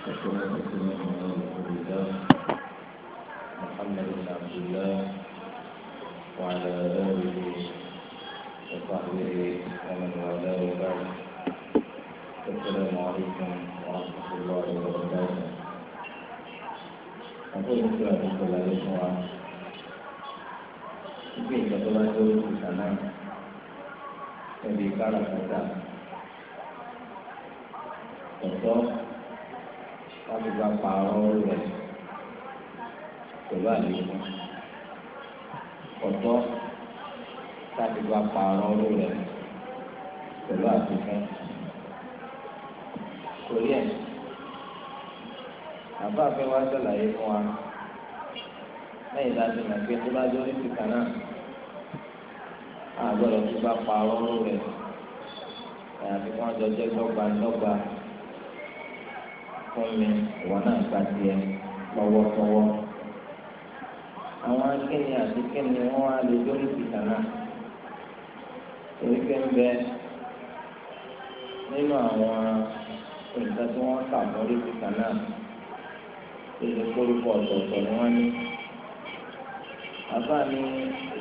والصلاة والسلام على رسول الله محمد بن عبد الله وعلى آله وصحبه ومن والاه وبعد السلام عليكم ورحمة الله وبركاته أقول السلام عليكم ورحمة الله Mungkin satu lagi di sana Jadi kalau kita Contoh láti gba pààrọ̀ rẹ̀ pẹ̀lú àlékún ọ̀tọ̀ láti gba pààrọ̀ rẹ̀ pẹ̀lú àfikún torí ẹ̀ àbá fẹ́ wá sàlàyé fún wa lẹ́yìn láti mọ̀ pé tó bá jọ ní kíkà náà àgbọ̀dọ̀ tó bá pààrọ̀ rẹ̀ àfikún ọjọ́ jẹ́ dọ́gba fún mi ìwọ náà gba tiẹ̀ lọ́wọ́tọ́wọ́. àwọn akéènì àti kéènì wọn wá lè lórí ìtàn náà torí pé ń bẹ nínú àwọn nǹkan tí wọ́n kà lórí ìtàn náà lórí ọ̀tọ̀ọ̀tọ̀ ni wọ́n ní. أغاني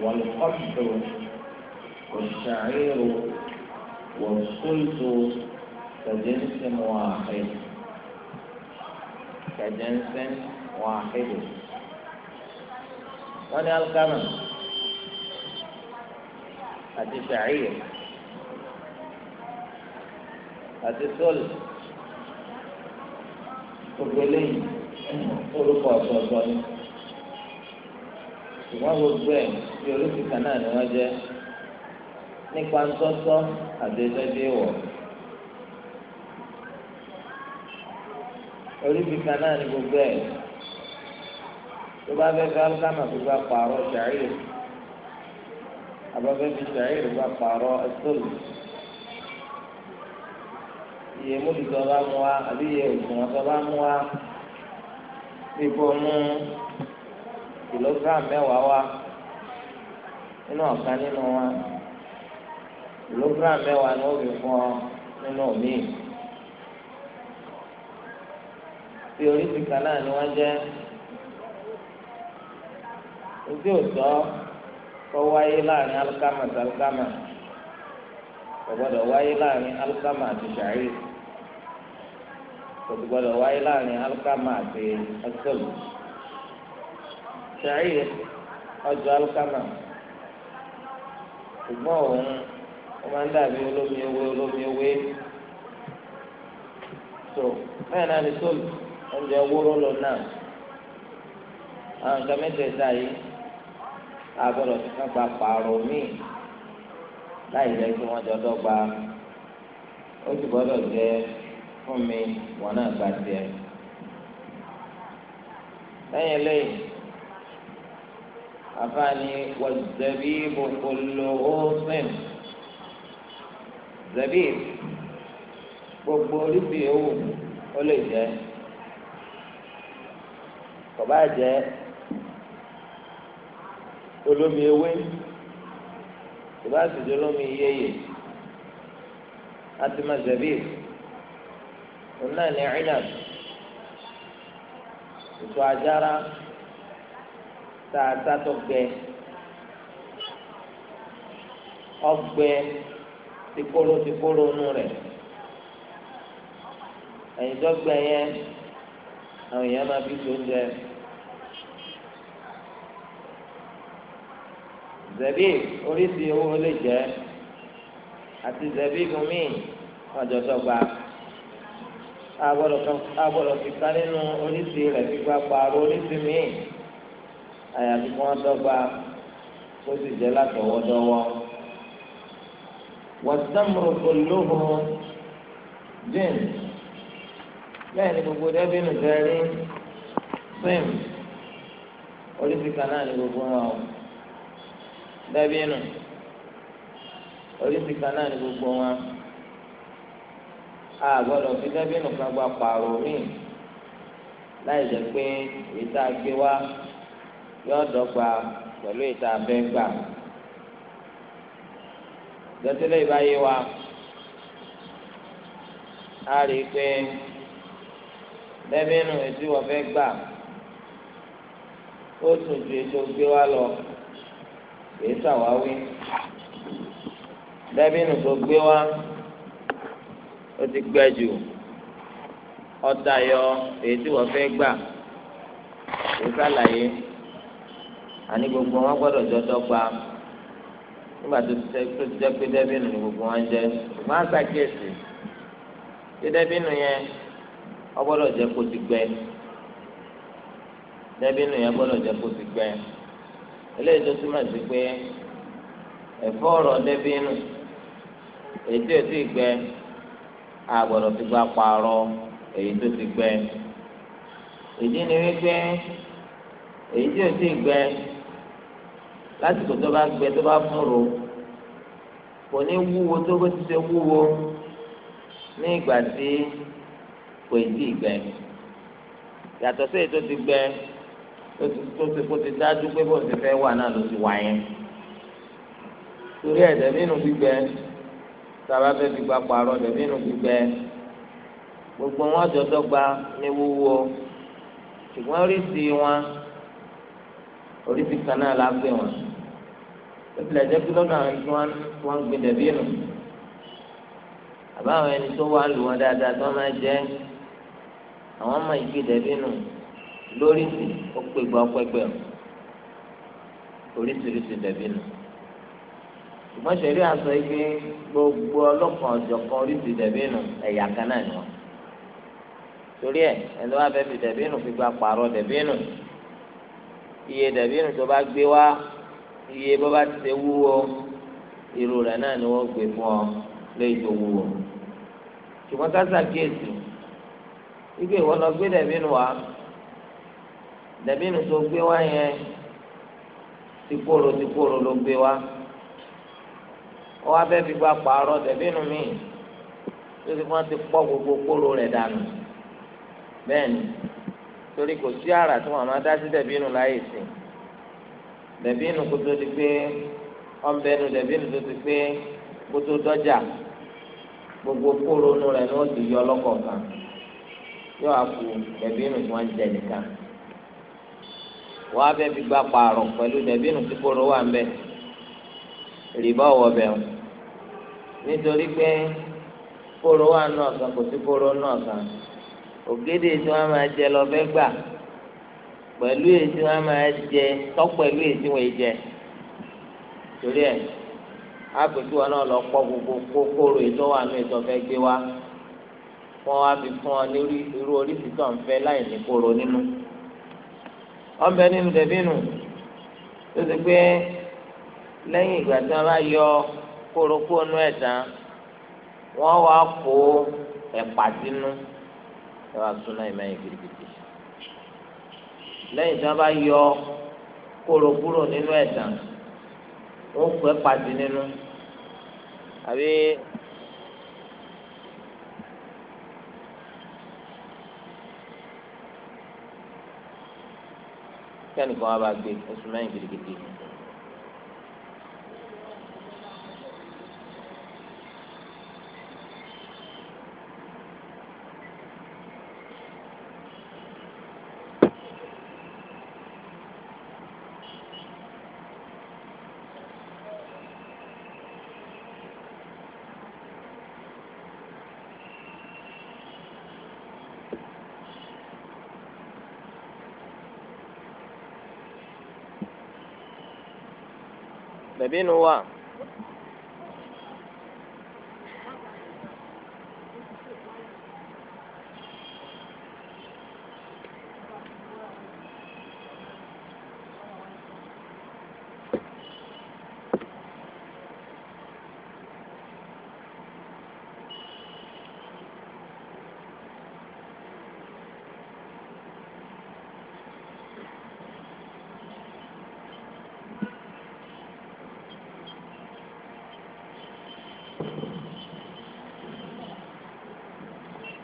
والقبض والشعير والخلد كجنس واحد kẹjẹnsẹn wàhídù wọn ní alikama àti sàáyé àti sọlù gbogbo eléyìí orúkọ ọ̀tọ̀ọ̀tọ̀ ni ṣùgbọ́n gbogbo ẹ̀ bí oríṣi kan náà ni wọ́n jẹ́ nípa ńsọ́sọ́ àti ẹgbẹ́ bí wọ̀. oríbi kan náà ní gbogbo ẹ̀ tó bá fẹ́ fẹ́ alukama tó bá pààrọ̀ ṣàìrì abafẹ́ fi ṣàìrì bá pààrọ̀ ẹ̀sọ́lù iye múlù tó bá mú wa àbí iye òṣùwọ̀n tó bá mú wa fífọ́ mú kìlógíráàmù mẹ́wàá wa nínú ọ̀kan nínú wa kìlógíráàmù mẹ́wàá ni wọ́n fi fún ọ nínú òmíì. tí oríṣi kan náà ni wọ́n jẹ́ ojú òtọ́ kọ́ wáyé láàrin alukama àti alukama kò gbọ́dọ̀ wáyé láàrin alukama àti sàárì kò gbọ́dọ̀ wáyé láàrin alukama àti ẹsẹ̀lù sàárì ọjọ́ alukama ṣùgbọ́n òun ó máa ń dàbí olómi ewé olómi ewé so bẹ́ẹ̀ náà ni sóòlù. oúnjẹ wóró lọ náà àwọn nǹkan mẹ́tẹ̀ẹ̀ta yìí agbọ́dọ̀ ti kàn gba pààrọ̀ míì láì jẹ́ kí wọ́n jọ dọ́gba ó sì gbọ́dọ̀ jẹ́ fún mi wọn náà gba tiẹ̀. lẹ́yìn eléyìí afaani wà zẹbi bòkòlò ọ̀sìn zẹbi gbogbo oríṣi ó lè jẹ́ kọ̀bá jẹ́ olómi ewé kọ̀bá sì jẹ́ olómi yéyè àti mazẹ̀bí òun náà ní ẹ̀rínàb ètò ajára tá a sátọ̀ gbẹ ọgbẹ tìkóró tìkóró nù yẹn máa fi tó ń jẹ. zẹ̀bí oríṣi owó lè jẹ́ àti zẹ̀bí gumi ọjọ́ dọ́gba agbọ́dọ̀ kíkà nínú oríṣi rẹ̀ gbígbà pààrọ̀ oríṣi míì àyàfi kí wọ́n dọ́gba kó sì jẹ́ látọwọ́dọ́wọ́ wọ́sàmùrù kò lóhùn jìn bẹ́ẹ̀ ni gbogbo dẹ́bìnú tẹ́rí fíìmù oríṣi kan náà ni gbogbo wọn dàbínù oríṣi kan náà ni gbogbo wọn a gbọ́dọ̀ fi dàbínù kan gba pààrọ̀ míì láì jẹ́ pé ìta gbé wá yóò dọ́gba pẹ̀lú ìta abẹ́ gbà gbẹtẹlẹ ìbáyé wa a rí i pé dàbínù ètí wọ́n fẹ́ gbà ó tún ju ètò gbé wá lọ èyí sàwáwí dàbínù tó gbé wá ó ti gbẹ jù ọta yọ èyí tí wọ́n fẹ́ gbà èyí sàlàyé àní gbogbo wọn gbọ́dọ̀ jọ dọ́gba nígbà tó ti jẹ́ pé dàbínù ni gbogbo wọn jẹ ṣùgbọ́n àṣàkíyèsí pé dàbínù yẹn ó gbọ́dọ̀ jẹ́ kó ti gbẹ dàbínù yẹn gbọ́dọ̀ jẹ́ kó ti gbẹ eléyìí tó túmọ̀ sí pé ẹ̀fọ́ ọ̀rọ̀ débi inú èyí tó ti gbẹ àgbọ̀dọ̀ ti gba pààrọ̀ èyí tó ti gbẹ ìdí ni wípé èyí tó ti gbẹ lásìkò tó bá gbẹ tó bá fúnro kò ní wúwo tó bó ti ṣe wúwo ní ìgbà tí kò ì tí ì gbẹ yàtọ̀ sí èyí tó ti gbẹ tó ti kó ti dájú pé bó ti fẹ́ wà náà ló ti wà yẹn torí ẹ̀dẹ̀ nínú gbígbẹ sábà fẹ́ fi gba pààrọ̀ ẹ̀dẹ̀ nínú gbígbẹ gbogbo wọn jọ dọ́gba ní wúwo ṣùgbọ́n oríṣi wọn oríṣi kan náà la gbé wọn ìpìlẹ̀ jẹ́ pé lọ́dọ̀ àwọn tí wọ́n ń gbé dẹ̀bí nù àbáwọn ẹni tó wà lù wọn dáadáa tí wọ́n máa jẹ́ àwọn ọmọ ìgbé dẹ̀bí nù lórí sí ó pé gba ọpẹgbẹ oríṣiríṣi dẹbí nù ṣùgbọ́n ṣẹ̀rí àṣọ yìí gbogbo ọlọ́kan ọ̀jọ̀kan oríṣi dẹbí nù ẹ̀yà kan náà ni wọn torí ẹ ẹni wàá fẹ́ fi dẹbí nù fi gba pààrọ̀ dẹbí nù iye dẹbí nù tó bá gbé wá iye bó bá ti ṣe wúwo irú rẹ̀ náà ni wọ́n gbé fún ọ lẹ́yìn tó wúwo ṣùgbọ́n ká ṣàkíyèsí wípé ìwọ lọ gbé dẹbí nù wá dàbínù tó gbé wá yẹn tìkòrò tìkòrò ló gbé wá ó wá bẹ́ẹ̀ fi gba pààrọ̀ dàbínù míì tó ti wọ́n ti pọ́ gbogbo kóró rẹ̀ dànù bẹ́ẹ̀ ni torí kò sí àrà tí wọ́n máa dá sí dàbínù láyè sí dàbínù kó tó di pé ọ̀nbẹ́nu dàbínù tó ti pé kó dọ́jà gbogbo kóró rẹ̀ ni ó ti yọ ọlọ́kọ̀ọ̀kan yóò á kú dàbínù tí wọ́n jẹ nìkan wọ́n á fẹ́ fi gba pààrọ̀ pẹ̀lú dẹ̀bínú tí kóró wà ń bẹ̀ rìbá ọ̀wọ́ bẹ̀ wọn nítorí pé kóró wà náà kan kò sí kóró náà kan ògèdè tí wọn máa jẹ lọ fẹ́ gbà pẹ̀lú èyí tí wọn máa jẹ tọ pẹ̀lú èyí tí wọn jẹ torí ẹ àpèjú wọn náà lọ pọ gbogbo kókóró ètò wà ní ètò fẹ́ gbé wá wọn wá fi fún ọ ní irú oríṣi tó ń fẹ́ láì ní kóró nínú wọn bẹ nínú dẹbínú tó ti pé lẹ́yìn ìgbà tí wọn bá yọ kórókó nú ẹ tán wọn wá kó ẹ̀pà sínú ẹ wá súná ìmẹyìn gidigidi lẹ́yìn tí wọn bá yọ kóró nínú ẹ wọn kó ẹ̀pà nínú àbí. kẹ́nìkan wá bá gbé oṣù mẹ́rin gidigidi ẹbí nu wà.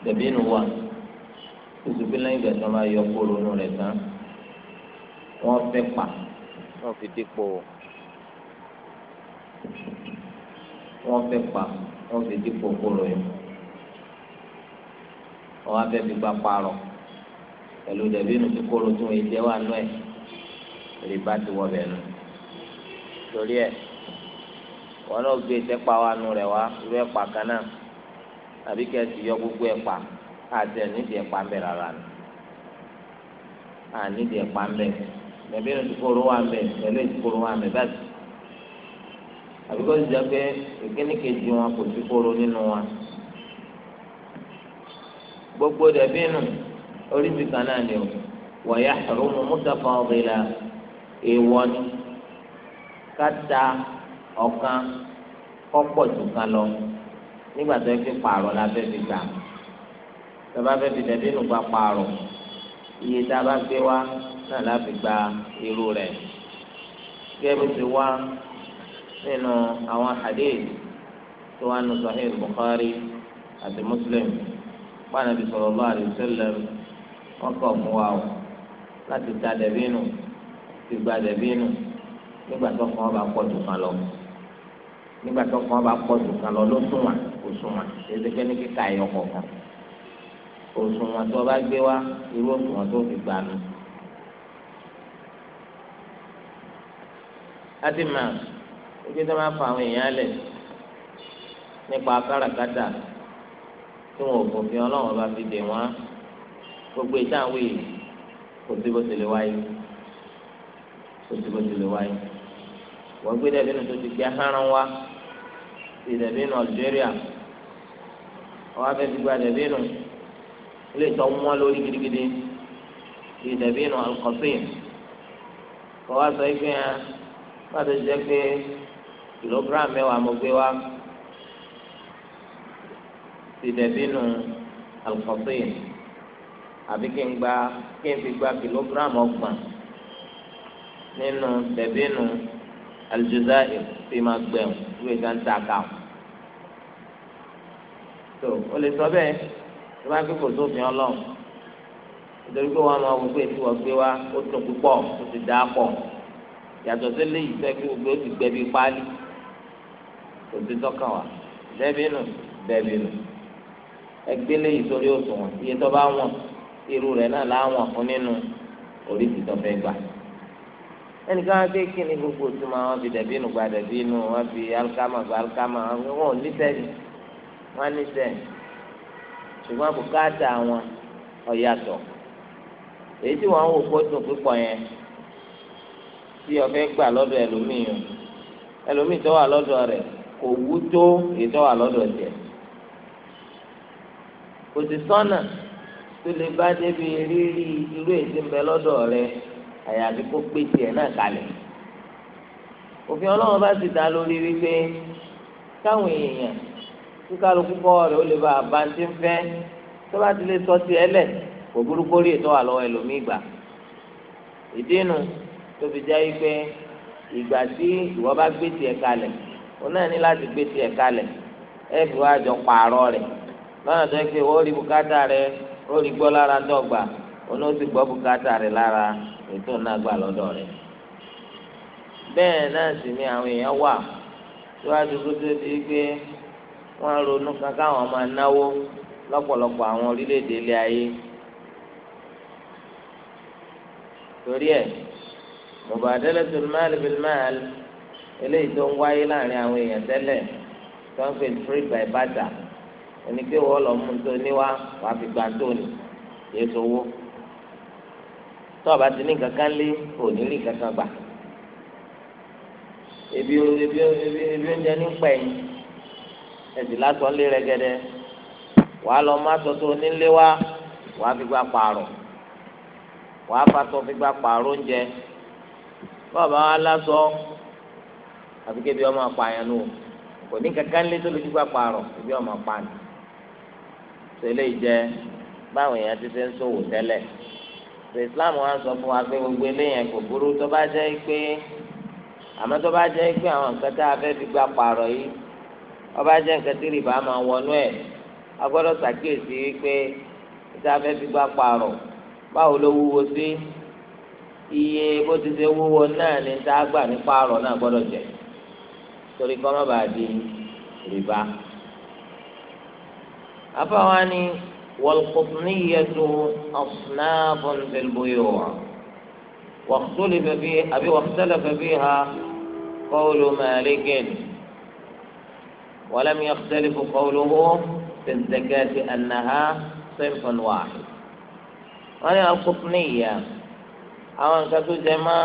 dàbínù wà tùtùpín lẹ́yìn ìgbà tí wọ́n bá yọ kóró nù rẹ̀ tán wọ́n fẹ́ pa wọ́n fi dípò wọ́n fẹ́ pa wọ́n fi dípò kóró yẹn wọ́n abẹ́ fi gba parọ́ pẹ̀lú dàbínù tí kóró tún yìí jẹ́ wà nù ẹ̀ rìbá ti wọ bẹ̀ nù torí ẹ̀ wọ́n náà gbé ìtẹ́pá wa nù rẹ̀ wá irú ẹ̀ pa kan náà àbí kẹ́ ẹ ti yọ gbogbo ẹ̀ pa àti ẹ̀ nídìí ẹ̀ pa ń bẹ̀ rárá ni ànídìí ẹ̀ pa ń bẹ̀ bẹ̀bí ní ìdíkòrò wà ń bẹ̀ pẹ̀lú ìdíkòrò wà ń bẹ̀ báyìí àbí kọ́ ti jẹ́ pé ìkíní kejì wọn kò sí kóró nínú wọn gbogbo dẹ̀bí nù oríṣi kan náà ni o wọ̀nyá ẹ̀rọ̀mù mùtàfà ọ̀bìlà èèwọ̀ ni káta ọ̀kan kọ́pọ̀ tó kan lọ nígbà tó yẹ kí pààrọ̀ la fẹ́ fi gbà tó bá fẹ́ fi dẹ̀bí nù gba pààrọ̀ iye tá a bá gbé wá náà la gba irú rẹ̀ gẹ́gẹ́ bó ti wá nínú àwọn hadith tó wà nù Sahih Bukhari àti Muslim pààrọ̀ Nabi sallallahu alaihi wasallam wọ́n kọ̀ fún wa o láti ta dẹ̀bí nù ti gba dẹ̀bí nù nígbà tó kàn bá pọ̀ jù kan lọ nígbà tó kàn bá pọ̀ jù kan lọ ló sùn wà òṣùwọ̀n ẹ̀ẹ́dẹ́gbẹ́ ní kíkà ẹ̀yọ kọ̀ọ̀kan òṣùwọ̀n tó bá gbé wá irú òṣùwọ̀n tó fi gbà mí. láti mà ebi tó máa fa àwọn èèyàn lẹ̀ nípa káràkátà tí wọn ò fòfin ọlọ́wọ́n bá fi dè wọ́n gbogbo ìdáwé kò sí bó tilẹ̀ wáyé kò sí bó tilẹ̀ wáyé wọ́n gbé dẹ̀bínú tó ti gbé ahọ́n wá ti dẹ̀bínú Algeria àwọn abẹ́bí gba dẹ̀bí nù ilé ìtọ́ wọn lórí gidigidi ah, ti dẹ̀bí nù alùpàpẹ́yìn kọ́ wa sọ ife yẹn wọ́n ti jẹ́ pé kìlógíráàmù mẹ́wàá mo gbé wa ti dẹ̀bí nù alùpàpẹ́yìn àbí kí n gba kí n fi gba kìlógíráàmù ọgbọ̀n nínú dẹ̀bí nù alùjọ́sáì fi máa gbẹ̀wò ìwé gàǹtà kàwọ́ tó o lè sọ bẹ́ẹ̀ tó bá ń kíkò sófin ọlọ́run nítorí pé wọn máa wọ pé tí wọn gbé wá ó tún púpọ̀ ó ti dáa pọ̀ yàtọ̀ sí léyìí tó kí gbogbo ó ti gbẹ bí páálí kò sí tọ́kàn wá bẹ́ẹ̀bí nù bẹ́ẹ̀bí nù ẹgbẹ́ léyìí sórí òṣùwọ̀n iye tó bá wọ̀n irú rẹ̀ náà láwọn fún nínú oríṣi tó fẹ́ gbà ẹnìkan wọn kéèké ní gbogbo tó máa wọn fi dẹ̀bí nù gba dẹ̀bí nù wọn fi alikama gba alikama wọn ò ní sẹ́yìn wọ́n ní sẹ́ǹtì ṣùgbọ́n bùkátà wọn ọ̀yàtọ̀ èyí tí wọ́n ń wò kó dùn púpọ̀ yẹn tí ọ̀fẹ́ gbà lọ́dọ̀ ẹlòmíì ẹlòmíì tó wà lọ́dọ̀ rẹ̀ kò wú tó èyí tó wà lọ́dọ̀ jẹ kò sì sọ́nà tó lè bá débi rírí irú èsì ń bẹ lọ́dọ̀ rẹ àyàfi kó pé tiẹ̀ náà kalẹ̀ òfin ọlọ́run bá ti dá lórí wípé káwọn èèyàn kíkálukú kọ́ rẹ̀ ó lè bá àbáńtí ń fẹ́ tó bá ti lè sọ sí ẹlẹ̀ kò burúkú rí ètò àlọ́ ẹlòmíì gbà ìdínú tó fi jẹ́ pé ìgbà tí ìwọ bá gbé tiẹ̀ kalẹ̀ òun náà ní láti gbé tiẹ̀ kalẹ̀ ẹ fi wá jọ pààrọ̀ rẹ̀ lọ́nà tó yẹ pé ó rí bùkátà rẹ̀ ó rí gbọ́ lára dọ́gba òun ó sì gbọ́ bùkátà rẹ̀ lára ètò náà gbà lọ́dọ̀ rẹ̀ bẹ́ẹ̀ náà sì ni àwọn èèyàn wà síwájú kó tó di pé wọ́n ronú kan káwọn máa náwó lọ́pọ̀lọpọ̀ àwọn orílẹ̀-èdè ilé ayé torí ẹ̀ mubadalatul mal bil mal eléyìí tó ń wáyé láàrin àwọn èèyàn tẹ́lẹ̀ tó ń pè trade by barter onígbé wọ́n lọ mú tó níwá wàá fi gbà tó ní èso owó tó o bá ti ní kankan lé kò ní rí kankan gbà ebi ebi ebi oúnjẹ ní pẹ̀yìn ẹsì lásán lé rẹgẹdẹ wàá lọ má sọsọ nílé wa wàá fi gba pààrọ̀ wàá fatọ fi gba pààrọ̀ oúnjẹ bàbá wa lásọ àfi kébi ọmọ apààyàn nù kò ní kankan lé tó lè fi gba pààrọ̀ kébi ọmọ apààyàn tẹ́lẹ̀ jẹ báwọn èèyàn ti fẹ́ ń ṣòwò tẹ́lẹ̀ tó Islam wa sọ fún wa pé gbogbo eléyàn kò burú tó bá jẹ́ pé àmọ́ tó bá jẹ́ pé àwọn nǹkan tá a fẹ́ fi gba pààrọ̀ yìí ọba jẹ́ nǹkan tí rìbá máa wọnú ẹ̀ a gbọ́dọ̀ ṣàkíyèsí wípé ìta fẹ́ fi gbá parọ̀ báwo ló wúwo sí iye bó ti ṣe wúwo náà ní tá gbà ní parọ̀ náà gbọ́dọ̀ jẹ́ torí kọ́ má di rìbá. afáwa ni wal-qutniyyatu asnafun fil-buyu' wa ikhtalafa fiha qawlu Malikin. ولم يختلف قوله في الزكاة أنها صنف واحد وأنا القطنية àwọn nǹkan tó jẹ mọ́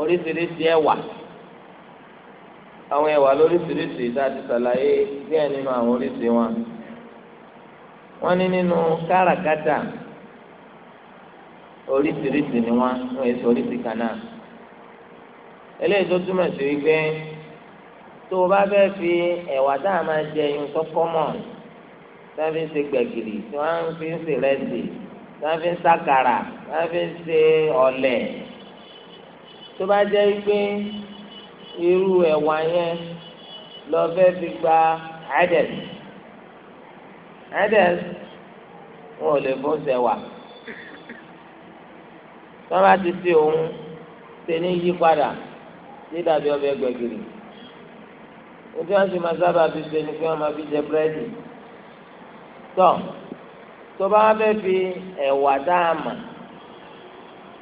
oríṣiríṣi ẹwà àwọn ẹwà lóríṣiríṣi láti ṣàlàyé díẹ̀ nínú àwọn oríṣi wọn wọn ní nínú káràkátà oríṣiríṣi ni wọn wọn èso oríṣi kan náà eléyìí tó túmọ̀ sí wípé tó o bá fẹ́ fi ẹ̀wà tá a máa jẹ irun tó kọ́ mọ̀ tá a fi ń ṣe gbẹ̀gìrì tí wọ́n fi ń ṣe rẹ́sì tí wọ́n fi ń ṣàkàrà tí wọ́n fi ń ṣe ọ̀lẹ̀ tó bá jẹ́ pé irú ẹ̀wà yẹn lọ fẹ́ fi gba ẹ̀dẹ̀s ẹ̀dẹ̀s wọn ò lè fún ṣẹ̀wà tí wọ́n bá ti ṣe òun ṣe ní yípadà dídàbí ọbẹ̀ gbẹ̀gìrì ojú wọn sì máa sábà fi ṣe ni kí wọn máa fi jẹ búrẹ́dì tọ tó bá wọn fẹ́ fi ẹ̀wà dáàmà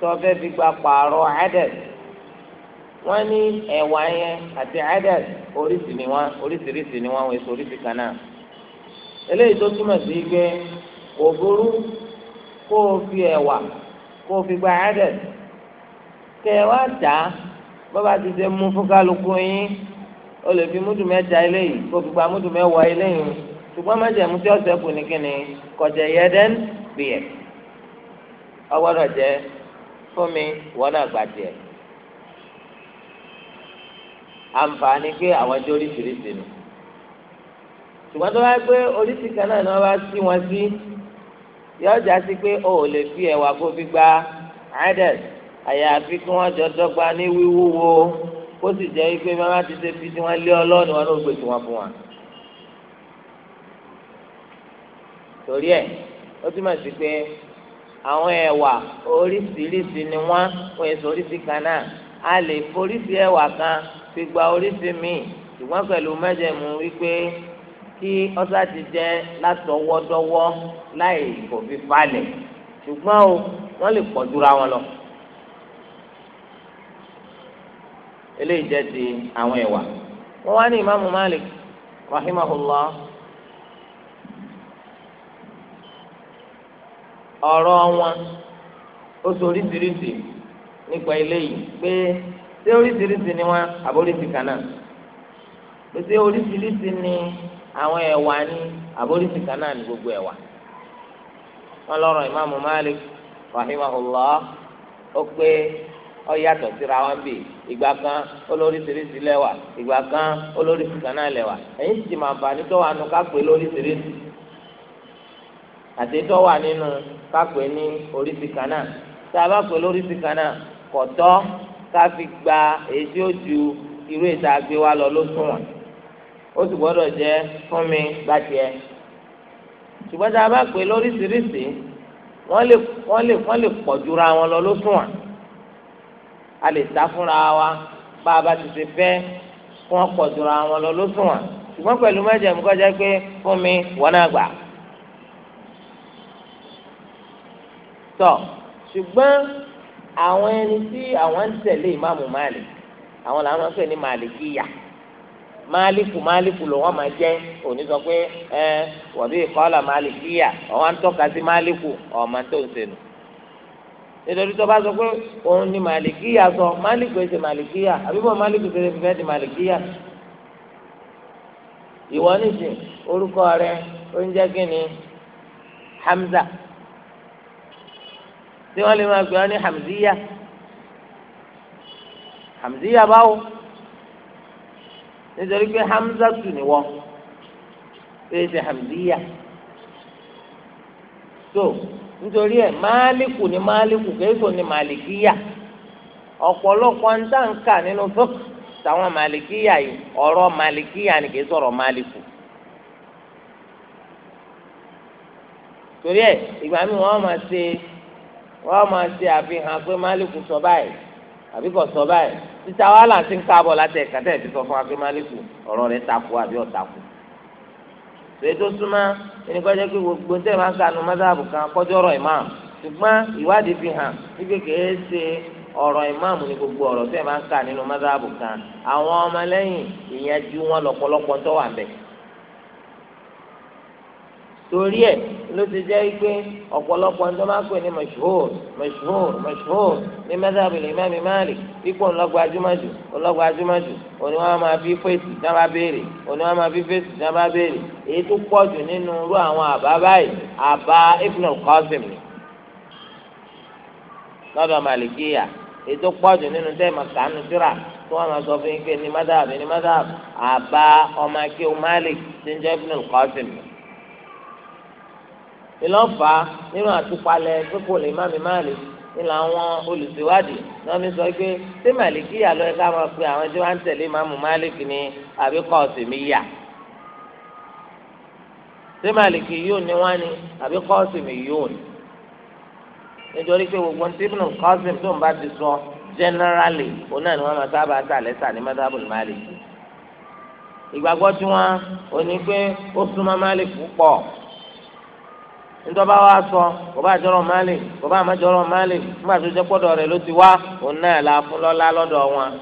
tó fẹ́ fi gba pààrọ̀ ẹ̀dẹ̀ wọn ní ẹ̀wà yẹn àti ẹ̀dẹ̀ oríṣi ni wọn oríṣiríṣi ni wọn wọn èso oríṣi kan náà eléyìí tó túmọ̀ sí pé kò burú kó o fi ẹ̀wà kó o fi gba ẹ̀dẹ̀ kẹ dá bọ́ ti ṣe mú fún kálukú yín ó lè fi múdù mẹ́ta eléyìí kó fi gba múdù mẹ́wàá eléyìí ṣùgbọ́n májẹ̀mú tí ọ̀sẹ̀ kù ní kíni kọjá yẹ dẹ́n bìyẹ̀ ọgbọ́dọ̀ jẹ fún mi wọn náà gbà tiẹ̀ àǹfààní pé àwọn jẹ́ oríṣiríṣi nù ṣùgbọ́n tó bá gbé oríṣi kan náà ni wọ́n bá sí wọn sí yóò já sí pé o ò lè fi ẹ̀wà kó fi gba àádẹ́s àyàfi kí wọ́n jọ dọ́gba ní wíwúwo kó sì jẹ́ pé bàbá ti ṣe fi tí wọ́n lé ọlọ́ọ̀ni wọn ló gbé tí wọ́n fún wa. torí ẹ̀ ó túmọ̀ sí pé àwọn ẹ̀wà oríṣiríṣi ni wọ́n wọ́n èso oríṣi kan náà a lè foríṣi ẹ̀wà kan fi gba oríṣi míì ṣùgbọ́n pẹ̀lú mẹ́jẹ̀mú wípé kí ọ́sà ti jẹ́ látọwọ́dọ́wọ́ láì kò fi falẹ̀ ṣùgbọ́n o wọ́n lè pọ̀ jura wọn lọ. eléyìí jẹ́ ti àwọn ẹ̀wà wọ́n wá ní ìmáàmù Malik rahimahullah ọ̀rọ̀ wọn ó sọ oríṣiríṣi nípa eléyìí pé ṣé oríṣiríṣi ni wọn àbóríṣi kan náà pé ṣé oríṣiríṣi ni àwọn ẹ̀wà ní àbóríṣi kan náà gbogbo ẹ̀wà wọn lọ́rọ̀ ìmáàmù Malik rahimahullah ó pé ó yàtọ̀ síra wọn bì ìgbà kan olóríṣiríṣi lẹ́wà ìgbà kan olóríṣi kan náà lẹ́wà ẹ̀yin sì máa bà ní tọ́wọ́ àánú kápẹ́ lóríṣiríṣi àti tọ́wọ́ nínú kápẹ́ ní oríṣi kan náà tá a bá pẹ́ lóríṣi kan náà kọ̀tọ́ ká fi gba èyí tí ó ju irú ìta gbé wa lọ lóṣùwọ̀n ó sì gbọ́dọ̀ jẹ́ fún mi gbàjẹ́ ṣùgbọ́n tá a bá pẹ́ lóríṣiríṣi wọ́n lè wọ́n lè wọ́n lè pọ̀ jura wọn lọ lóṣùwọ̀n a lè ta fúnra wa bá a bá ti ṣe fẹ́ kí wọ́n pọ̀ jùlọ àwọn lọ lóṣùwọ̀n ṣùgbọ́n pẹ̀lú mẹ́jẹ̀mú kọjá pé fún mi wọ́n náà gbà. tọ́ ṣùgbọ́n àwọn ẹni tí àwọn ń tẹ̀lé ìmáàmù Malik àwọn làwọn ń pè ní Malikiya máàlìkù máàlìkù ló wọn jẹ òní sọ pé ẹ wàbí ìkọlà máàlìkìyà ọwọ à ń tọ́ka sí máàlìkù ọmọ nítorí tó bá sọ pé òun ni màlìkíyà sọ málìkù ẹsẹ màlìkíyà àbíbọ̀ málìkù ṣe fẹ́ di màlìkíyà ìwọ nìsín orúkọ rẹ oúnjẹ kìíní Hamza tí wọ́n lè máa gbé wọn ní Hamziya Hamziya báwo nítorí pé Hamza tù ní wọ́n ṣe ṣe Hamziya tó. So, nítorí ẹ máàlìkù ni máàlìkù kéésù ni màlìkíyà ọ̀pọ̀lọpọ̀ ń tà ń kà nínú fúk táwọn màlìkíyà yìí ọ̀rọ̀ màlìkíyà ni kéésù ọ̀rọ̀ máàlìkù. torí ẹ ìgbà mi wọn máa ṣe wọn máa ṣe àfihàn pé máàlìkù sọ báyìí àbí kò sọ báyìí títa wàhálà ti ń káàbọ̀ látẹ̀ kàtẹ́ ìfisọ̀ fún máàlìkù ọ̀rọ̀ rẹ̀ takú àbí ọ̀takú èyí tó súnmọ́ ẹni kọ́ jẹ́ pé gbogbo tẹ́ máa ń kanu mọ́sáàbù kan kọjọ́rọ̀ ìmáàmù ṣùgbọ́n ìwádìí fi hàn wípé kìí ṣe ọ̀rọ̀ ìmáàmù ni gbogbo ọ̀rọ̀ tẹ́ máa ń kà nínú mọ́sáàbù kan àwọn ọmọlẹ́yìn ìyẹn ju wọn lọ́pọ̀lọpọ̀ tó wà bẹ́ẹ̀ torí ẹ̀ ló ti jẹ́ pé ọ̀pọ̀lọpọ̀ ẹni tó máa ń pè ní mashhur mashhur mashhur ní mẹ́tàbí ní mẹ́mí máàlì pípọ̀ ńlọ́gbàjúmọ́jù ńlọ́gbàjúmọ́jù òní wọn máa fi fèsì dábàá béèrè òní wọn máa fi fèsì dábàá béèrè èyí tó pọ̀ jù nínú irú àwọn àbá báyìí àbá Ibn al-Qasim ni lọ́dọ̀ màlìkíyà èyí tó pọ̀ jù nínú tẹ́ tó wọn sọ fún yín pé ní mẹ́tàbí ní mẹ́tàbí àbá ọmọ akéwù máàlì ti ń jẹ́ Ibn al-Qasim ìlọ́fà nínú àtúpalẹ̀ pípò lè má mi má lè ní làwọn olùṣèwádìí náà mi sọ pé ṣé màlìkí yà lọ́ọ́ ká máa pe àwọn tí wọ́n ń tẹ̀lé ìmáàmù Malik ni àbí kọ́ọ̀sì mi yà ṣé màlìkí yóò ní wọ́n ni àbí kọ́ọ̀sì mi yóò ní nítorí pé gbogbo tí Ibn Qasim tó ń bá ti sọ generally òun náà ni wọ́n máa sábà tà lẹ́sà ní madhabul Maliki ìgbàgbọ́ tí wọ́n ò ní pé ó súnmọ́ Malik púpọ̀ ntọ́ba wa sọ bàbá àjọrọ̀ máàlì bàbá àmàjọrọ̀ máàlì nígbà tó jẹ́ pọ́dọ̀ rẹ̀ ló ti wá òun náà la fún lọ́lá lọ́dọ̀ wọn.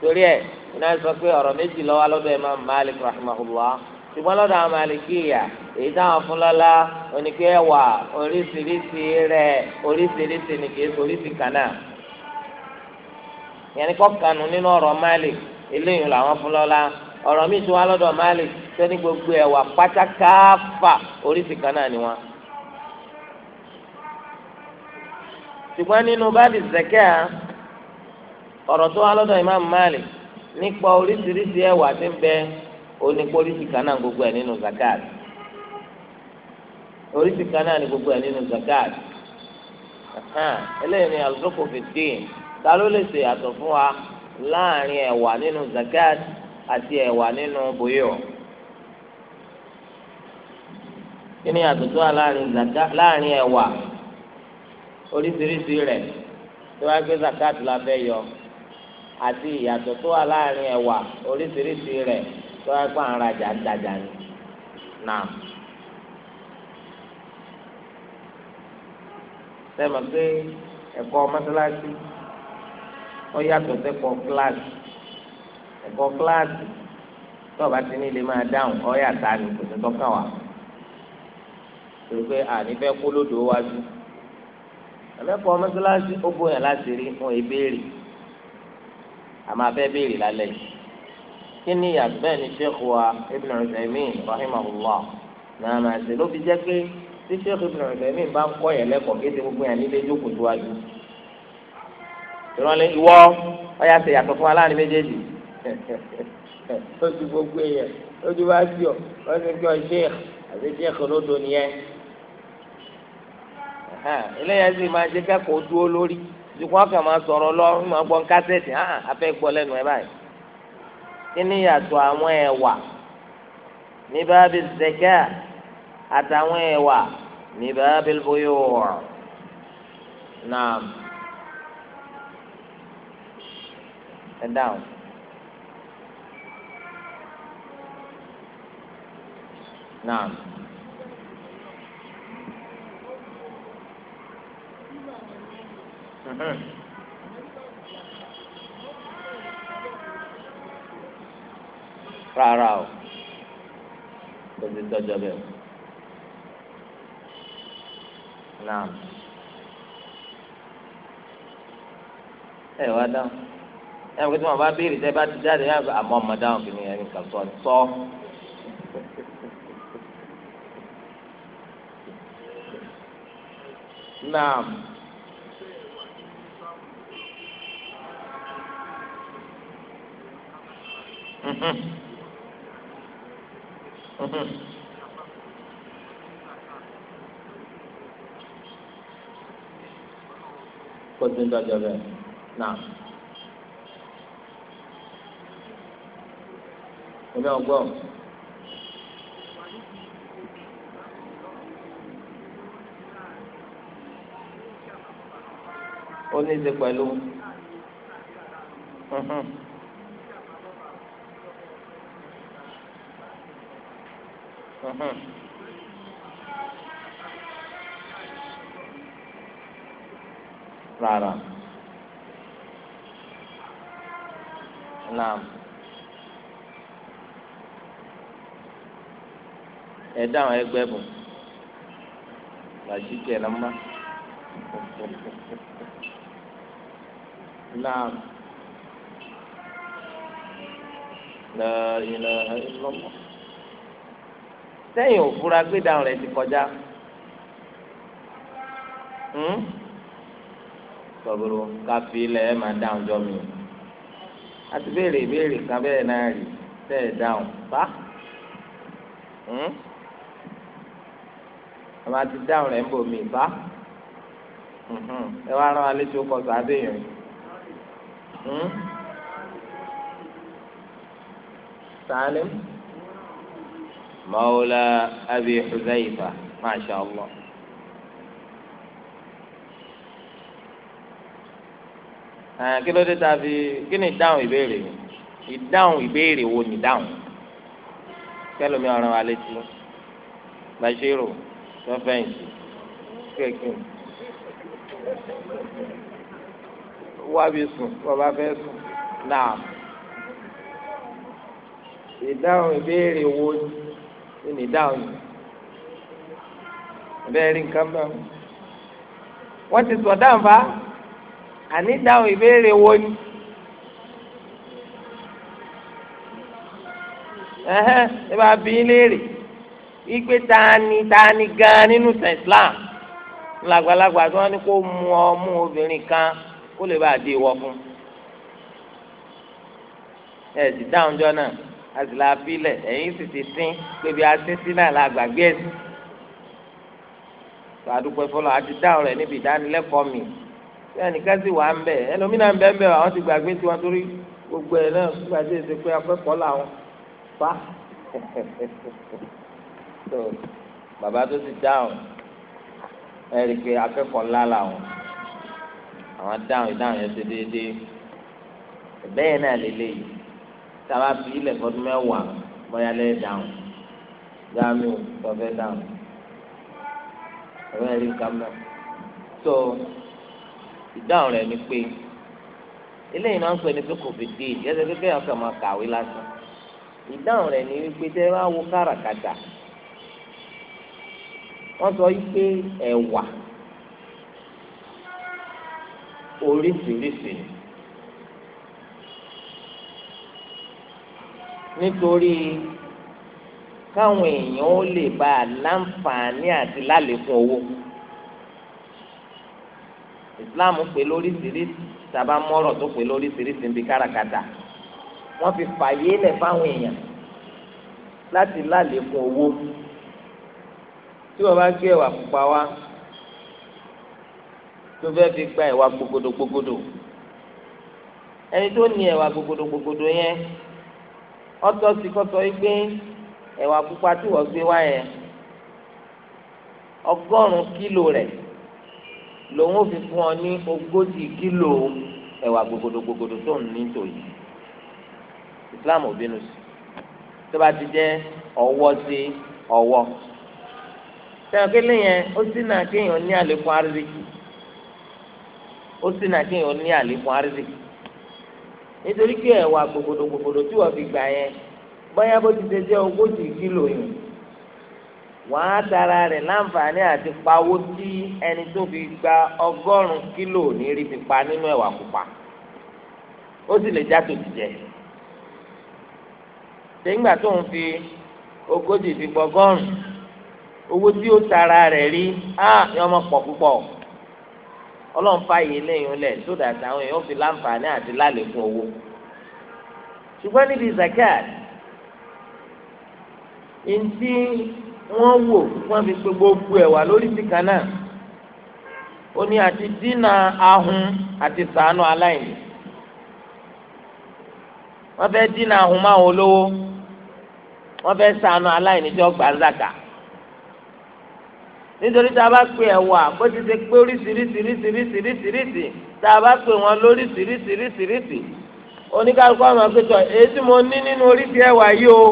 torí ẹ̀ iná sọ pé ọ̀rọ̀ méjì ló wà lọ́dọ̀ ẹ̀ máa máàlì rahimahullah ṣùgbọ́n lọ́dọ̀ àwọn màlìkíyà èyí táwọn fún lọ́lá oníkẹ́ ẹ̀wà oríṣiríṣi rẹ̀ oríṣiríṣi ni kì í sọ oríṣi kan náà. kọ́kànnù nínú ọ̀rọ̀ máàlì ọ̀rọ̀ mi tún wá lọ́dọ̀ Malik sẹ́ni gbogbo ẹ̀wà pátákáfà oríṣi kan náà ni wọn. ṣùgbọ́n nínú báàdì zẹ̀kẹ́ à ọ̀rọ̀ tó wá lọ́dọ̀ Imam Malik nípa oríṣiríṣi ẹ̀wà tí ń bẹ onípo oríṣi kan náà gbogbo ẹ̀ nínú zakat oríṣi kan náà ni gbogbo ẹ̀ nínú zakat eléyìí ni alùpùpù fi dín ta ló lè ṣe yàtọ̀ fún wa láàrin ẹ̀wà nínú zakat àti ẹ̀wà nínú bòyọ̀ kí ni àtúntò láàrin zaka láàrin ẹ̀wà oríṣiríṣi rẹ̀ tí wọ́n á gbé zakat la fẹ́ yọ àti ìyàtọ̀ tó wà láàrin ẹ̀wà oríṣiríṣi rẹ̀ tó wá pa àwọn arajà ń tajà ni. Náà sẹ́mi pé ẹ̀kọ́ mọ́sálásí ó yàtọ̀ sẹ́kọ̀ọ́ kíláàsì ẹ̀kọ́ kíláàsì tó o bá ti ní ilé máa dáhùn ọ̀yà ta ni kò ní tọ́kàn wá torí pé àní fẹ́ kó lódò wájú ẹ̀mẹ́kọ̀ọ́ mẹ́sàlásì ó bóyá láti rí wọn ìbéèrè àmọ́ abẹ́ béèrè lálẹ́ yìí kí ni yàtọ̀ bẹ́ẹ̀ ni sheikh wa ibn Uthaymeen rahimahullah náà máa ṣe ló fi jẹ́ pé tí sheikh ibn Uthaymeen bá ń kọ́ yẹn lẹ́kọ̀ọ́ kí ti gbogbo yẹn nílé jókòó síwájú ìrọ̀lẹ́ ìwọ ọ̀yà ṣe yàtọ̀ fún aláàánú méjèèjì oṣù gbogbo èèyàn oṣù bá sí ọ wọ́n ti kí ọ sheikh àti sheikh lódò nìyẹn eléyà sì máa ṣe kẹ́kọ̀ọ́ dúró lórí ṣùgbọ́n ọkàn máa sọ̀rọ̀ lọ ń máa gbọ́ kásẹ̀tì hàn afẹ́ gbọ́ lẹ́nu ẹ̀ báyìí kí ni yàtọ̀ àwọn ẹ̀wà ní bábí zẹ̀kà àtàwọn ẹ̀wà ní bábí bóyọ̀ náà ẹ̀ náà. Mhm. rárá o kò sí tọ́jọ́ bẹ́ẹ̀ náà ẹ wá dáhùn ẹ wọ́n tí wọ́n bá béèrè tẹ́ bá ti jáde àmọ́ ọmọ dáhùn kìnìún ẹni kà sọ sọ. naam. Mm-hmm. Mm-hmm. kóso ń dọjọ bẹ́ẹ̀ náà ẹbí ọgbọ ó ní í ṣe pẹ̀lú rárá naam ẹ dáhùn ẹgbẹ́ bùn làjíjẹ lọ́mọ. نعم لا إله إلا الله sẹ́yìn òfurá gbé dáhùn rẹ̀ ti kọjá hmm? sọ̀rọ̀ káfí ilẹ̀ ẹ̀ máa dáhùn jọ mi àti béèrè ìbéèrè kan bẹ́ẹ̀ náà rí tẹ́ẹ̀ dáhùn bá àmà hmm? ti dáhùn rẹ̀ ń bò mí bá hmm, ẹ wá rán alẹ́ tí ó kọ sọ abéyàn yìí. Hmm? Salim Mawla Abi Hudhaifa Masha Allah. Ah, kí ló dé tá a fi kí ni ìdáhùn ìbéèrè mi ìdáhùn ìbéèrè wo ni ìdáhùn kẹlòmí ọ̀ràn wa létí Bashiru sọfẹ̀yìntì kéèké wá bí sùn bàbá fẹ́ sùn náà. ìdáhùn ìbéèrè wo ni ìdáhùn yìí bẹ́ẹ̀ rí nǹkan bá wọn. wọ́n ti sọ dáǹfà àní ìdáhùn ìbéèrè wo ni. ẹ̀hẹ́n ẹ bá bí léèrè igbe tani tani gan nínú Islam làgbàlagbà tí wọ́n ní kó mú ọ mú obìnrin kan ó lè bá àdé wọ fún ẹ sì dáhùn jọ náà a sì la filẹ̀ ẹ̀yìn sì ti sín pébi asínsín náà la gbàgbé ẹ̀sìn tó adúpẹ́ fọlọ́ àti dáhùn rẹ̀ níbi ìdánilẹ́kọ̀ọ́ mi bí ẹnìkan sì wà ń bẹ̀ ẹlòmínà ń bẹ̀ ń bẹ̀ àwọn ti gbàgbé tiwọn torí gbogbo ẹ̀ náà nígbà tí èsì pé akẹ́kọ̀ọ́ làwọn fa tó bàbá tó ti dáhùn ẹ̀rì pé akẹ́kọ̀ọ́ ńlá làwọn àwọn dáhùn ìdáhùn yẹn ṣe déédéé bẹ́ẹ̀ náà lélẹ́yìí sábà fi ilẹ̀ fọdún mẹ́wàá bóyá lẹ́yìn dáhùn dáhùn tọ́fẹ́ dáhùn ọ̀rẹ́ rí nǹkan mọ́ tó ìdáhùn rẹ̀ ni pé eléyìí náà ń pè ní pé kò fi dé ìjẹ́sẹ̀ pé bẹ́ẹ̀ ọkàn máa kàwé lásán ìdáhùn rẹ̀ ni wípé tẹ́ ẹ bá wo káràkátà wọ́n sọ wípé ẹ̀wà. E oríṣiríṣi nítorí káwọn èèyàn ó lè bá a láǹfààní àti lálékún owó Islam pè lóríṣiríṣi tàbá mọ́rọ̀ tó pè lóríṣiríṣi níbi káràkátà wọ́n fi fàyè lẹ̀ fáwọn èèyàn láti lálékún owó tí wọ́n bá gbé ẹ̀wà pupa wá tó fẹ́ fi gba ẹ̀wà gbogbodò gbogbodò ẹni tó ní ẹ̀wà gbogbodò gbogbodò yẹn ọtọ sí kọtọ yìí pé ẹ̀wà pupa tí wọ́n gbé wá yẹn ọgọ́rùn-ún kílò rẹ̀ lòun ò fi fún ọ ní ogójì kílò ẹ̀wà gbogbodò gbogbodò tó ń ní tòyí Islam ò sí tó bá ti jẹ́ ọwọ́ sí ọwọ́ sẹ́wọ̀n kéle yẹn ó sì náà kéèyàn ní àlékún àrídìkì ó sì náà kéèyàn ní àlékún àrísìkí nítorí kí ẹ̀wà gbogbodo gbogbodo tí wọ́n fi gbà yẹn bóyá bó ti ṣe jẹ́ ogójì kílò yìí wọ́n á tara rẹ̀ láǹfààní àti pawó tí ẹni tó fi gba ọgọ́rùn-ún kílò ní rí fi pa nínú ẹ̀wà pupa ó sì lè já tòjì jẹ tẹ̀yìngbà tó ń fi ogójì fi gbọ́gọ́rùn owó tí ó tara rẹ̀ rí á yọmọ pọ̀ púpọ̀ ọlọ́run fààyè lẹ́yìn lẹ̀ tó dàtà àwọn èèyàn fi láǹfààní àti lálẹ́kùn owó ṣùgbọ́n níbi zakat ntí wọ́n wò wọ́n fi pé gbogbo ẹ̀ wà lórí síkà náà ó ní àti dínà ahun àti ṣàánú aláìní wọ́n fẹ́ dínà ahun máa wọ́n lówó wọ́n fẹ́ ṣàánú aláìní tí wọ́n gbà zaka nítorí tá a bá pe ẹ̀wà bó ti ṣe pé oríṣiríṣiríṣiríṣiríṣi tá a bá pe wọn lóríṣiríṣiríṣiríṣi oníkálukú àwọn akẹ́tọ̀ èyí tí mo ní nínú oríṣi ẹ̀wà yìí o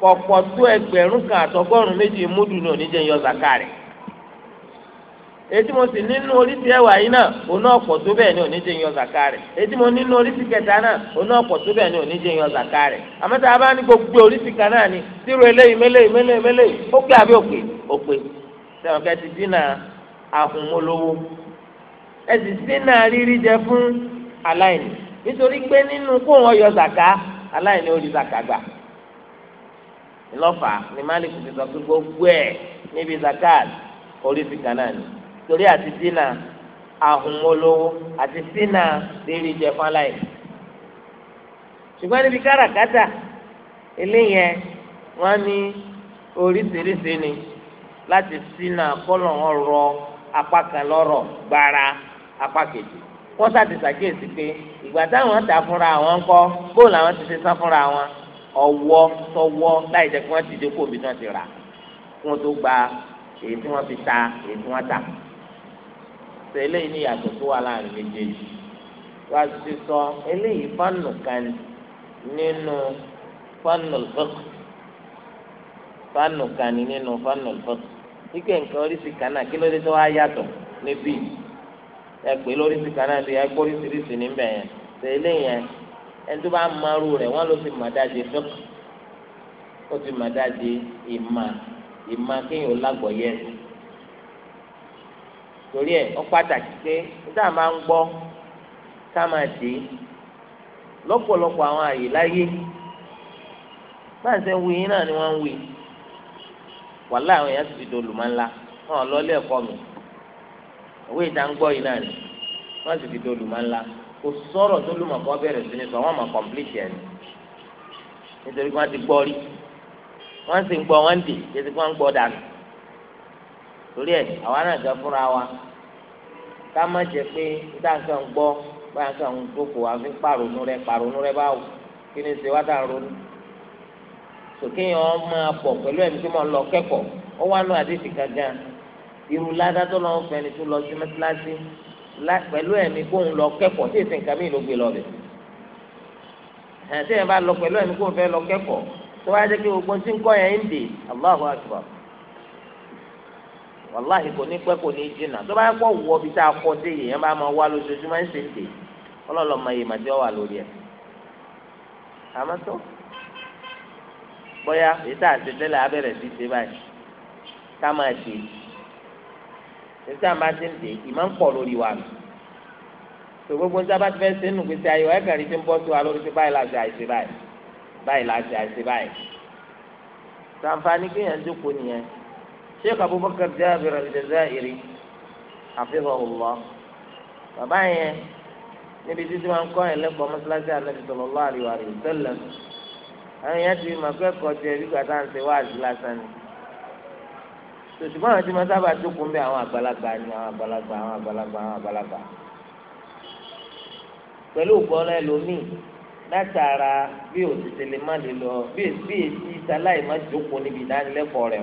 pọ̀pọ̀ tó ẹgbẹ̀rún kan àtọ́gọ́rùn méjì múdù ní oníjẹ yọ zakari èyí tí mo sì nínú oríṣi ẹ̀wà yìí náà òun náà tó bẹ́ẹ̀ ní oníjẹ yọ zakari èyí tí mo nínú oríṣi kẹta náà òun náà pọ̀ tó bẹ́ẹ̀ ní oníjẹ yọ zakari àmọ́ tá a bá ní gbogbo oríṣi kan náà ni tírò eléyìí mélèyìí mélèyìí mélèyìí sẹ́wọ̀n kẹ́ ti dínà ahùnmólówó ẹ sì dínà rírí jẹ fún aláìní nítorí pé nínú kó wọn yọ zàká aláìní ó di zàká gbà ńlọ́fà ni málìkù ti sọ pé gbogbo ẹ̀ níbi zakat oríṣi kan ni torí àti dínà ahùnmólówó àti dínà rírí jẹ fún aláìní ṣùgbọ́n níbi káràkátà eléyẹn wọ́n ní oríṣiríṣi ni láti sínà kọ́lọ̀ ọ̀rọ̀ apá kan lọ́rọ̀ gbára apá kejì wọ́n ṣàti ṣàkíyèsí pé ìgbà táwọn ta fúnra àwọn ńkọ́ bóun làwọn ti ṣe sán fúnra wọn ọwọ́ tọwọ́ láì jẹ́ kí wọ́n ti dé kó omi náà ti rà kí wọ́n tó gba èyí tí wọ́n fi ta èyí tí wọ́n tà sọ eléyìí ní ìyàtọ̀ tó wà láàrin méjèèjì wá sí sọ eléyìí fánù kan nínú fánù fánù kan nínú fánù fánù. ike nkan oríṣi kana náà kí ló dé tó wá yàtọ̀ níbí ẹ pè lóríṣi kan náà bí ẹ kó oríṣiríṣi níbẹ̀ yẹn tẹ̀lé yẹn ẹni tó bá wọ́n ló ti mọ̀ dájú fẹ́k ó ti mọ̀ dájú ìmọ̀ ìmọ̀ kéèyàn ó lágbọ̀ọ́yẹ torí ẹ ó pàtàkì pé níta máa ń gbọ́ ká máa dé lọ́pọ̀lọpọ̀ àwọn àyè láyé ni ń wàhálà àwọn èèyàn sì ti di olùmọ̀ ńlá wọn lọ ilé ẹ̀kọ́ mi òwe ìta ń gbọ́ yìí náà ni wọn sì ti di olùmọ̀ ńlá kò sọ̀rọ̀ tó lùmọ̀ kọ́ bẹ̀rẹ̀ sí ni sọ wọn mọ̀ kọ̀m̀plìtì ẹ̀ nítorí wọn ti gbọ́ rí wọn sì ń gbọ́ wọn dì yẹtí wọn ń gbọ́ dànù torí ẹ̀ àwa náà jẹ́ fúnra wa ká má jẹ pé níta sọ ń gbọ́ báyà sọ ń dókòó àfi pàrònú rẹ pàrònú rẹ báwò kí ni ṣe wá dà ronú sòkè yẹn wọn máa bọ̀ pẹ̀lú ẹ̀mí tí wọ́n lọ kẹ́kọ̀ọ́ ó wá nù àdéhìí gàgà irú ládàtọ́ lọ́wọ́ fẹ́ni tó lọ sí mẹ́tíláṣí pẹ̀lú ẹ̀mí kóun lọ kẹ́kọ̀ọ́ tí èsì nǹkan mi ló gbé lọ bẹ̀. àti ẹ̀ bá lọ pẹ̀lú ẹ̀mí kóun fẹ́ lọ kẹ́kọ̀ọ́ tó wáyé jẹ́ pé gbogbo tí ń kọ́ yẹn ń dè Allahu akbar wàláhì kò ní pẹ́ kò ní jìnnà tó bá kọ́ wọ bí tá a kọ́ dé yìí yẹn bá máa wá lójoojúmọ́ ń ṣe ń dè ọlọ́lọ́ bóyá èyí tá à ń ṣe tẹ́lẹ̀ abẹ́rẹ́ sí ṣe báyìí ká máa ṣe èyí tá à ń bá ṣe ń dè ìmọ̀ ń pọ̀ lórí wa nù tó gbogbo ń sábà ti fẹ́ ṣe nù gbèsè ayé wa ẹ̀kàrí ti ń bọ́ sí wa lórí pé báyìí la àìṣe báyìí báyìí la àìṣe báyìí sàǹfààní kéèyàn jókòó nìyẹn sheikh abubakar jabir aljazairi hafizahullah bàbá yẹn níbi títí wọn kọ́ ẹ̀lẹ́kọ̀ọ́ mọ́ṣáláṣí sallallahu alaihi wa àyàn ti mọ̀ pé ẹ̀kọ́ tiẹ̀ bí gbàtà ń ṣe wáàzì lásán ni tòṣùgbọ́n àwọn tí wọ́n sábà jókòó ń bẹ àwọn àgbàlagbà ni àwọn àgbàlagbà àwọn àgbàlagbà àwọn àgbàlagbà pẹ̀lú ògbọ́n ẹlòmíì látara bí òṣìṣẹ́ lè má lè lọ bí èsì ìsaláì má jókòó níbi ìdánilẹ́kọ̀ọ́ rẹ̀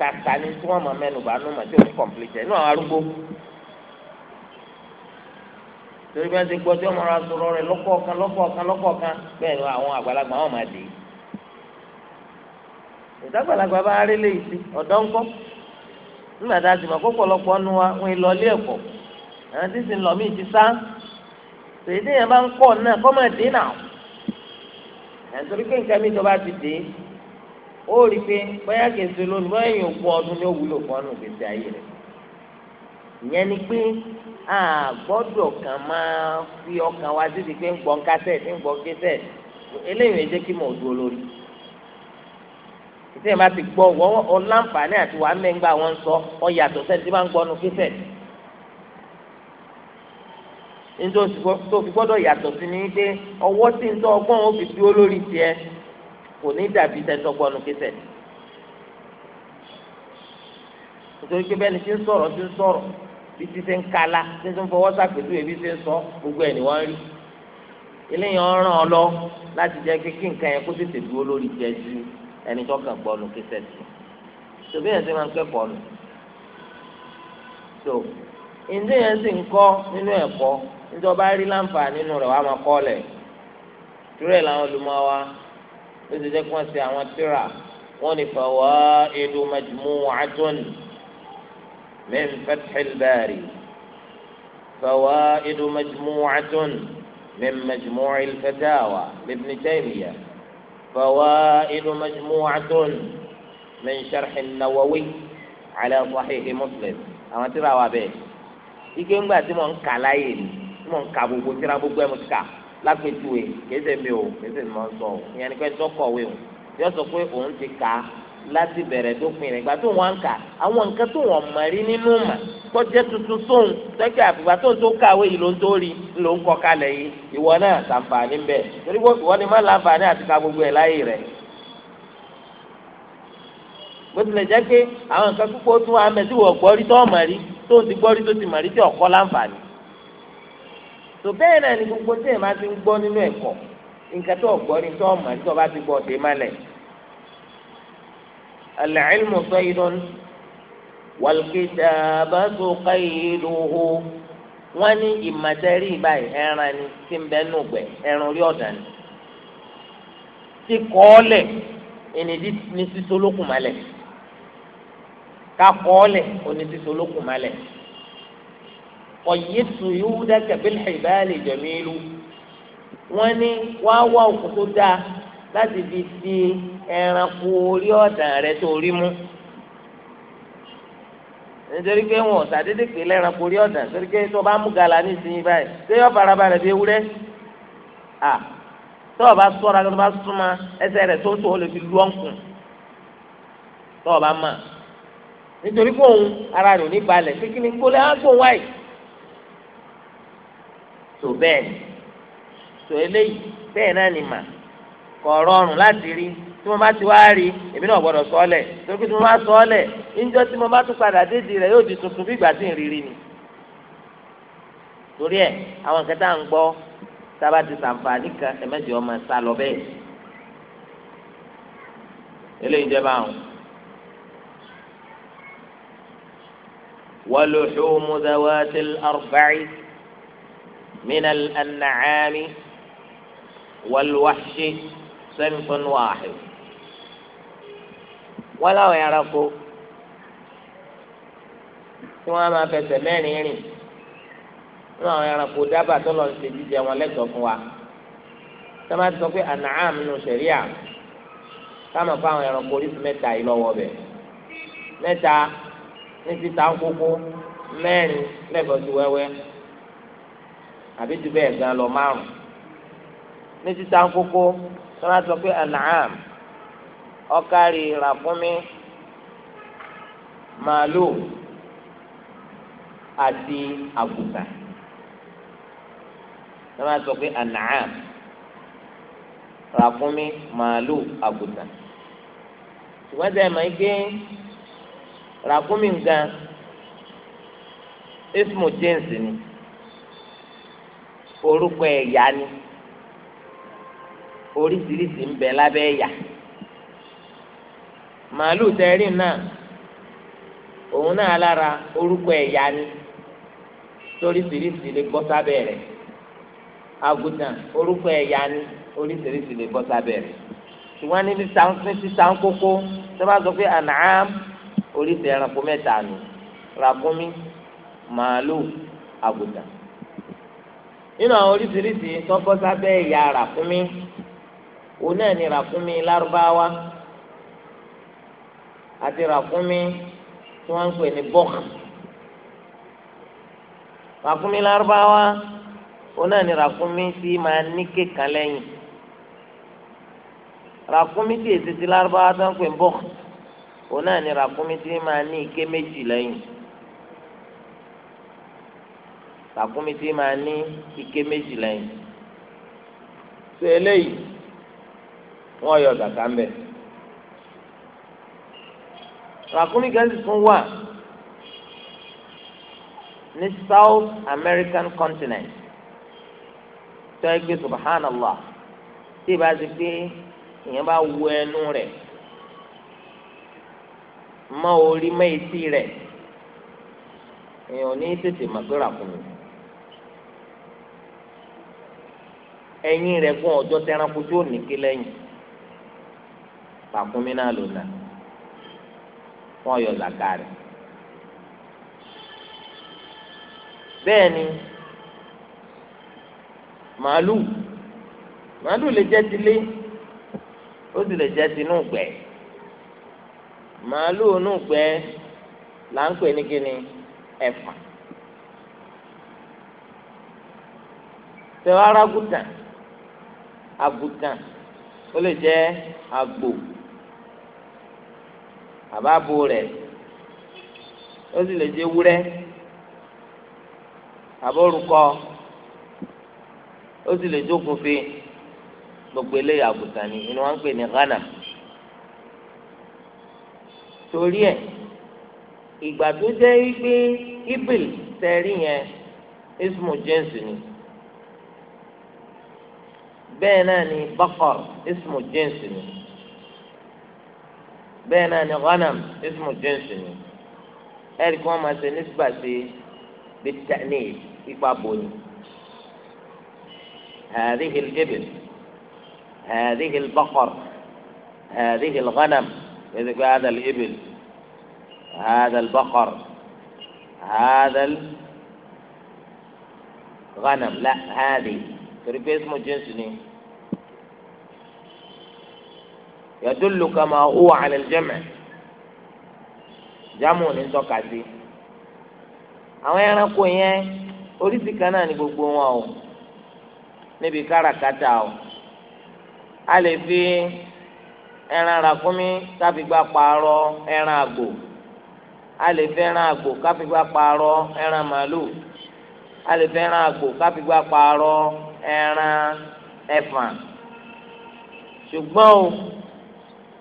kàkà ni tí wọ́n mọ̀ mẹ́nu bá nù mà tí ò ní kọ̀m̀plìtẹ̀ torí bí wọ́n ti gbọ́ tí wọ́n máa sọ̀rọ̀ rẹ̀ lọ́kọ̀ọ̀kan lọ́kọ̀ọ̀kan lọ́kọ̀ọ̀kan bẹ́ẹ̀ ni àwọn àgbàlagbà wọn máa dé. ìdàgbàlagbà bá rí sí ọ̀dọ́ nígbà tá a ti mọ̀ kó pọ̀lọpọ̀ nu wa wọn lọ ilé ẹ̀kọ́ àwọn tí sì ń lọ míì ti sá tòyídé yẹn bá ń kọ́ náà kọ́ máa dé nà nítorí pé nǹkan mìíràn ti dé ó rí i a gbọ́dọ̀ kàn máa fi ọkàn wa sí ti pé ń gbọ́ kásẹ̀ ń gbọ́ kásẹ̀ eléyìí jẹ́ kí mò ń dúró lórí ìtẹ́yìn bá ti gbọ́ wọ́n láǹfààní àti wàá mẹ́ngbà wọn sọ ọ̀yàtọ̀ sẹ́ni tí máa ń gbọ́nu kásẹ̀ nítorí tó fi gbọ́dọ̀ yàtọ̀ sí ni pé ọwọ́ tí ń tọ́ ọgbọ́n ó fi dúró lórí tiẹ̀ kò ní dàbí tẹ́tọ́ gbọ́nu kásẹ̀ nítorí pé bẹ́ẹ̀ ni tí ń sọ̀rọ̀ tí ń sọ̀rọ̀ títí ṣe ń kala títí ń fọwọ́ sàpèjú ebi ṣe ń sọ gbogbo ẹ̀ ni wọ́n rí eléyìí ọ̀ràn ọ lọ láti jẹ́ pé kí nǹkan yẹn kó tètè dúró lórí jẹ́ sí ẹni tó kàn gbọ́ ọ̀nù kí sẹ́sì tòbí yẹn ti máa ń kẹ́kọ̀ọ́ nù tó ǹjẹ́ yẹn sì ń kọ́ nínú ẹ̀kọ́ níjọba rí láǹfààní nínú rẹ̀ wàá máa kọ́ lẹ̀ tìrẹ̀ làwọn olùmọ̀wá ló ti jẹ́ kí wọ́n ṣe àwọn tírà wọ́n ní من فتح الباري فوائد مجموعة من مجموع الفتاوى لابن تيمية فوائد مجموعة من شرح النووي على صحيح مسلم أما ترى وابين ike ńgbà tí mò ń kà láyè ni tí mò ń kà gbogbo tíra gbogbo ẹ mo ti kà lápẹtùwé kéde mi o kéde mi mò ń sọ o ìyẹn ni pé sọkọwé o yóò sọ pé òun ti kà láti bẹ̀rẹ̀ dópin rẹ̀ ìgbà tó wọn kà àwọn nǹkan tó wọn mọ̀ rí nínú mà tọ́jẹ́ tuntun sóhun tọ́jẹ́ àfìgbà tó ń tó kàwé yìí ló ń tó rí ló ń kọ́ kalẹ̀ yìí ìwọ náà sàǹfààní ń bẹ torí wọ́n ni má láǹfààní àti ka gbogbo ẹ̀ láyè rẹ̀ bó tilẹ̀ jẹ́ pé àwọn nǹkan púpọ̀ tún wà mẹ́tí wọ́n gbọ́ rí tó mọ̀ rí tó ń ti gbọ́ rí tó ti mọ̀ rí tí ọ̀kọ́ láǹfààní ni gbogbo tí ẹ̀ máa ti ń gbọ́ nínú ẹ̀kọ́ nǹkan tó العلم صيد والكتابة قيده wọ́n ní ìmọ̀tẹ́rì báyìí ẹran ni tí ń bẹ nù gbẹ ẹran orí ọ̀dà ni tí kọ́ọ́lẹ̀ ìnìdí ní sísọ lókùn malẹ̀ ká kọ́ọ́lẹ̀ òní sísọ lókùn malẹ̀ ọ̀yẹ́ tù yóò dá kẹ̀bílẹ̀ ìbáyà lè jẹ̀mí ìlú wọ́n ní wọ́n á wá òkú tó dáa láti fi di ẹranko orí ọ̀dàn rẹ tó rí mú nítorí pé wọn ṣàdédé pé lẹ́ranko orí ọ̀dàn torí pé tó bá mú gàlà nísìnyí báyìí ṣé yọ farabalẹ̀ bí ewúrẹ́ à tó o bá sọ́ra tó o bá súnmọ́ ẹsẹ̀ rẹ̀ tó tó o lè fi lu ọ̀nkùn tó o bá mọ̀ nítorí pé òun ara rẹ̀ ò ní balẹ̀ pé kí ni kó lè á gbóhùn wáyìí tó bẹ́ẹ̀ tó eléyìí bẹ́ẹ̀ náà ni mà kò rọrùn láti rí tí mo bá ti wá rí èmi náà gbọ́dọ̀ sọ ọ́lẹ̀ torí pé tí mo bá sọ ọ́lẹ̀ níjọ́ tí mo bá tún padà dédìí rẹ̀ yóò di tuntun bí ìgbà tí ń rírí ni. torí ẹ̀ àwọn kẹta ń gbọ́ sábà ti sàǹfààní kan ẹ̀mẹ́jì ọmọ sá lọ bẹ́ẹ̀. eléyìí jẹ́ báwọn. ولحوم ذوات الأربع من الأنعام والوحش sẹ́mfọ́n wàhìn wọ́n láwọn ẹranko tí wọ́n máa fẹsẹ̀ mẹ́rin rìn nínú àwọn ẹranko dábàá tó lọ ṣe jíjẹ wọn lẹ́tọ̀ọ́ fún wa tí wọ́n bá sọ pé ànàám nù sẹ̀ríà káàmọ̀ fún àwọn ẹranko oríṣi mẹ́ta yìí lọ́wọ́ bẹ̀ mẹ́ta ní títa kókó mẹ́rin lẹ́bọ̀ọ́ sí wẹ́wẹ́ àbí ju bẹ́ẹ̀ gan lọ márùn-ún ní títa kókó tí wọ́n sọ pé an'am ọ̀kárì ràfúnmi màálù àti àgùntàn tí wọ́n sọ pé an'am ràfúnmi màálù àgùntàn ṣùgbọ́n tẹ́ ẹ máa ń gbé ràfúnmi nǹkan ismu jẹ́ǹsì ni orúkọ ẹ̀yà ni. oríṣiríṣi ń bẹ lábẹ́ ẹ̀yà màálù tẹ́rì náà òun náà lára orúkọ ẹ̀yà ni oríṣiríṣi lè bọ́ sábẹ́ rẹ̀ àgùntàn orúkọ ẹ̀yà ni oríṣiríṣi lè bọ́ sábẹ́ rẹ̀ ṣùgbọ́n níbi sísan kókó tó bá sọ pé ànàám oríṣi ẹranko mẹ́ta nù ràkúnmí màálù àgùntàn nínú àwọn oríṣiríṣi tó bọ́ sábẹ́ ẹ̀yà ràkúnmí. òun náà ni ràkúnmí lárúbáwá àti ràkúnmí tí wọ́n ń pè ní bọ́ọ̀k ràkúnmí lárúbáwá òun náà ni ràkúnmí tí máa ní kékan lẹ́yìn ràkúnmí tí èsì ti lárúbáwá tí wọ́n ń pè ní bọ́ọ̀k òun náà ni ràkúnmí tí máa ní ike méjì lẹ́yìn ràkúnmí tí máa ní ike méjì lẹ́yìn tó eléyìí wọ́n yọ zaka ń bẹ̀. ràkúnmí kan wà ní South American continent tó ẹ gbé subhanallah tí ìbá ti pé èèyàn bá wo ẹnu rẹ̀ mọ orí mọ etí rẹ̀ èèyàn ò ní tètè mọ̀ pé ràkúnmí. ẹ̀yìn rẹ̀ fún ọjọ́ tẹranko tí ó nìké lẹ́yìn fàkúnmí náà ló nà wọ́n yọ zaka rẹ̀ bẹ́ẹ̀ ni màálù màálù lè jẹ́ tilé ó sì lè jẹ́ tinú gbẹ̀ màálù inú gbẹ̀ là ń pè ní kíni ẹ̀fà tẹ̀wọ́ arágùtàn àgùtàn ó lè jẹ́ àgbò àbábo rẹ̀ ó sì lè jẹ́ wúrẹ́ àbórúkọ ó sì lè jókòó fi gbogbo eléyà àgùntàn ni inú wọn ń pè ní ghana torí ẹ ìgbà tó jẹ́ wípé ibil tẹ̀rí yẹn ismu jins ni bẹ́ẹ̀ náà ni bakor ismu jins ni. bẹ́ẹ̀ náà ni ghanam ismu jinsi ni ẹ̀rí kí wọ́n máa ṣe nísìbà bí tẹ̀lé ipa boni هذه الإبل هذه البقر هذه الغنم إذا هذا الإبل هذا البقر هذا الغنم لا هذه تريد اسمه جنسني yadullu kama huwa ala al-jam' jámù ní tọ́ka sí àwọn ẹranko yẹn oríṣi kan náà ni gbogbo wọn o níbi káràkátà o a lè fi ẹran ràkúnmí káfígbá pààrọ̀ ẹran àgbò a lè fi ẹran àgbò káfígbá pààrọ̀ ẹran màálù a lè fi ẹran àgbò káfígbá pààrọ̀ ẹran ẹfà ṣùgbọ́n o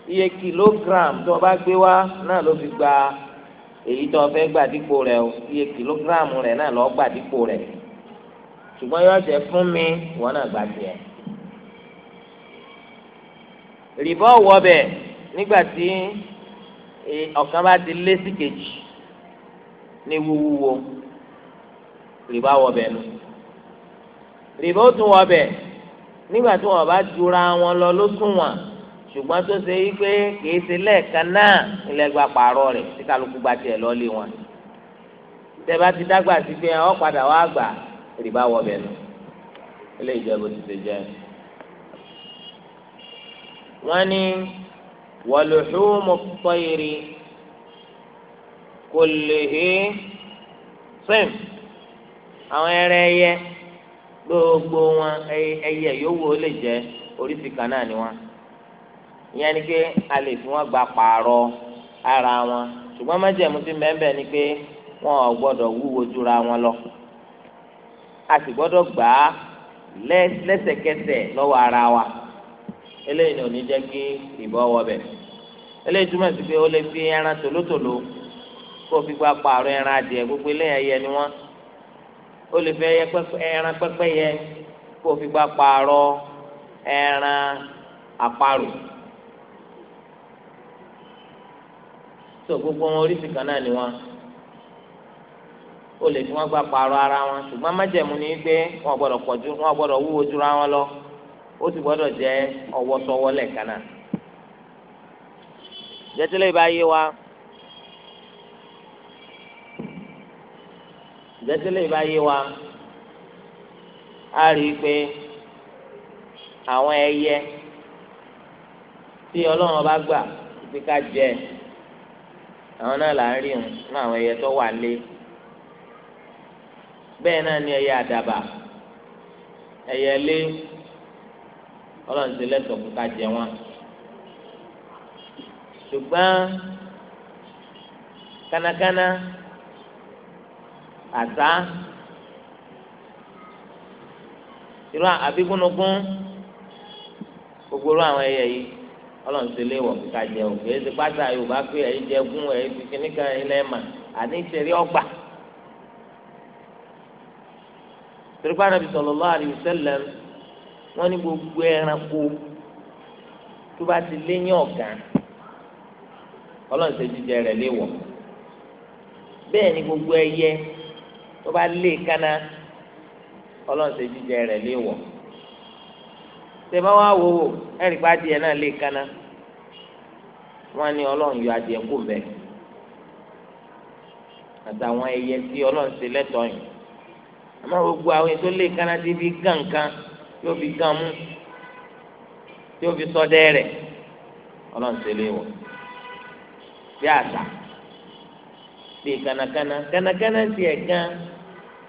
iye kilogram tó o bá gbé wá náà ló fi gba èyí tó o fẹ́ gbà dípò rẹ̀ o iye kìlógíràm rẹ̀ náà lọ́ọ́ gbà dípò rẹ̀ ṣùgbọ́n yóò jẹ́ fún mi wọ́n náà gbà tiẹ̀. rìbọ́ wọ bẹ̀ nígbà tí e, ọ̀kan bá ti lé sí kejì ní wúwúwo rìbá wọ bẹ̀ nù. rìbọ́ tún wọ bẹ̀ nígbà tí wọ́n bá jura wọn lọ lóṣùwọ̀n ṣùgbọ́n tó ṣe yí pé kì í ṣe lẹ́ẹ̀kan náà ilẹ̀ gba pààrọ̀ rẹ̀ tí kálukú gba tiẹ̀ lọ́ọ́lé wọn. tẹ́bá ti dágbà sí pé ọ padà wá gbà rìbá wọ bẹ̀ nù ilé ìjọba ti ṣe jẹ́. wọ́n ní wàlúhùmù tọ́yìrì kò lè hí sẹ́m àwọn ẹrẹ ẹyẹ gbogbo wọn ẹyẹ yòówó lè jẹ oríṣi kan náà ni wọn ìyẹn ni pé a lè fi wọn gba pààrọ̀ ara wọn ṣùgbọ́n májẹ̀mú ti mẹ́ńbẹ̀ ni pé wọn ò gbọ́dọ̀ wúwo jura wọn lọ a sì gbọ́dọ̀ gbà á lẹ́sẹ̀kẹsẹ̀ lọ́wọ́ ara wa eléyìí ni ò ní jẹ́ kí ìbọn wọbẹ̀ eléyìí túmọ̀ sí pé ó lè fi ẹran tòlótòló kó o fi gba pààrọ̀ ẹran adìẹ gbogbo eléyìí ẹyẹ ni wọ́n ó lè fi ẹran pẹ́pẹ́yẹ kó fi gba pààrọ̀ ẹran àparò. tó gbogbo wọn oríṣi kan náà ni wọn ó lè fi wọn gba pààrọ̀ ara wọn ṣùgbọ́n májẹ̀mú ni pé wọn gbọ́dọ̀ pọ̀jù wọn gbọ́dọ̀ wúwo jura wọn lọ ó sì gbọ́dọ̀ jẹ́ ọwọ́sọwọ́ lẹ́ẹ̀kan náà jẹ́tílẹ̀ bá yé wa jẹ́tílẹ̀ bá yé wa a rí i pé àwọn ẹyẹ tí ọlọ́run bá gbà pé ká jẹ àwọn náà là ń rí òun nínú àwọn ẹyẹ tó wà lé bẹ́ẹ̀ náà ni ẹyẹ àdàbà ẹyẹ lé ọlọ́run ti lẹ́tọ̀ọ́ kó ká jẹ wọn ṣùgbọ́n kánákáná àṣá irú àbíkúnnugún gbogbo irú àwọn ẹyẹ yìí. ọlọ́run ṣe léwọ̀ kíkà jẹ o kì í pátá yorùbá pé ẹ̀yin jẹ gún ẹ̀yin fi kíní kan ẹ̀yin lẹ́ẹ̀mà àní ìṣẹ̀rí ọgbà. tìrìpá wọn ní gbogbo ẹranko tó bá ti lé ní ọ̀gá jíjẹ bẹ́ẹ̀ ni gbogbo ẹyẹ tó bá lé kánná jíjẹ tẹ bá wá wò ó wọ́n ní ọlọ́run yọ adìẹ kó bẹ̀ àtàwọn ẹyẹ tí ọlọ́run ṣe lẹ́tọ̀ọ́ yìí àmọ́ gbogbo àwọn ètò lè kánná tí fi gànkan yóò fi gàn mú yóò fi sọdẹ rẹ̀ ọlọ́run ṣe lé wọ̀ bí àṣà bí kànákànná kànákànná tiẹ̀ gan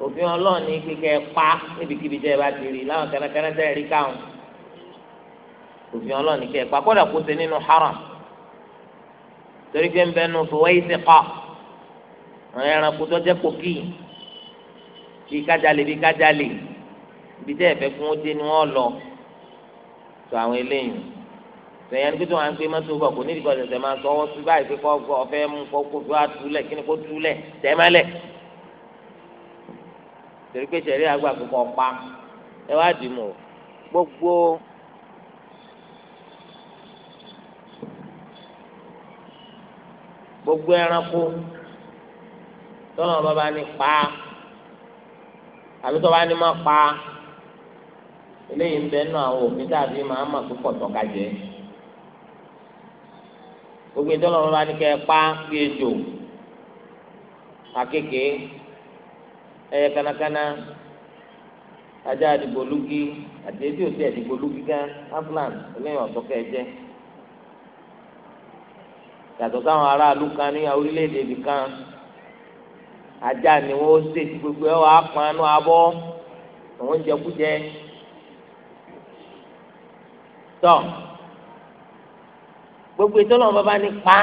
òfin ọlọ́run ní kíkẹ́ pa níbikíbi tẹ́ ẹ bá ti rí láwọn kànákànná tẹ́ ẹ rí káwọn òfin ọlọ́run ní kíkẹ́ pa kódà kó ṣe nínú haram torí pé ń bẹ nu Suwaisiqa àwọn ẹranko tó jẹ́ pòkì bí kájàlè bí kájàlè ibi tẹ́ ẹ fẹ́ fún ó dé ni wọ́n lọ tó àwọn eléyìí sẹyìn kí tó wà ń gbé mọ́tò bọ̀ kò nídìí kọsẹsẹ máa sọ ọwọ́ sí báyìí pé kọ ọfẹ mú kọ kó fi wá túlẹ̀ kí ni kó túlẹ̀ tẹmẹlẹ torí pé sẹrí àgbà kò kọ pa ẹ wá dì mọ gbogbo gbogbo ẹranko tọ́nà bàbá ní pa àbí tọ́ba ní má pa eléyìí ń bẹ àwọn òfin tàbí màá mà tó pọ̀ jẹ gbogbo ìtọ́nà bàbá ní kẹ́ ẹ pa bí ejò ẹyẹ kánákáná ajá àdìgbòlúgi àti etí òsì àdìgbòlúgi gán eléyìí yàtọ̀ sáwọn aráàlú kan ní orílẹ̀-èdè ibì kan ajá ni wọ́n ṣe ti gbogbo ẹ̀ wọ́n á panu abọ́ àwọn oúnjẹkújẹ tọ́ gbogbo ìtọ́lọ́ bàbá ní pa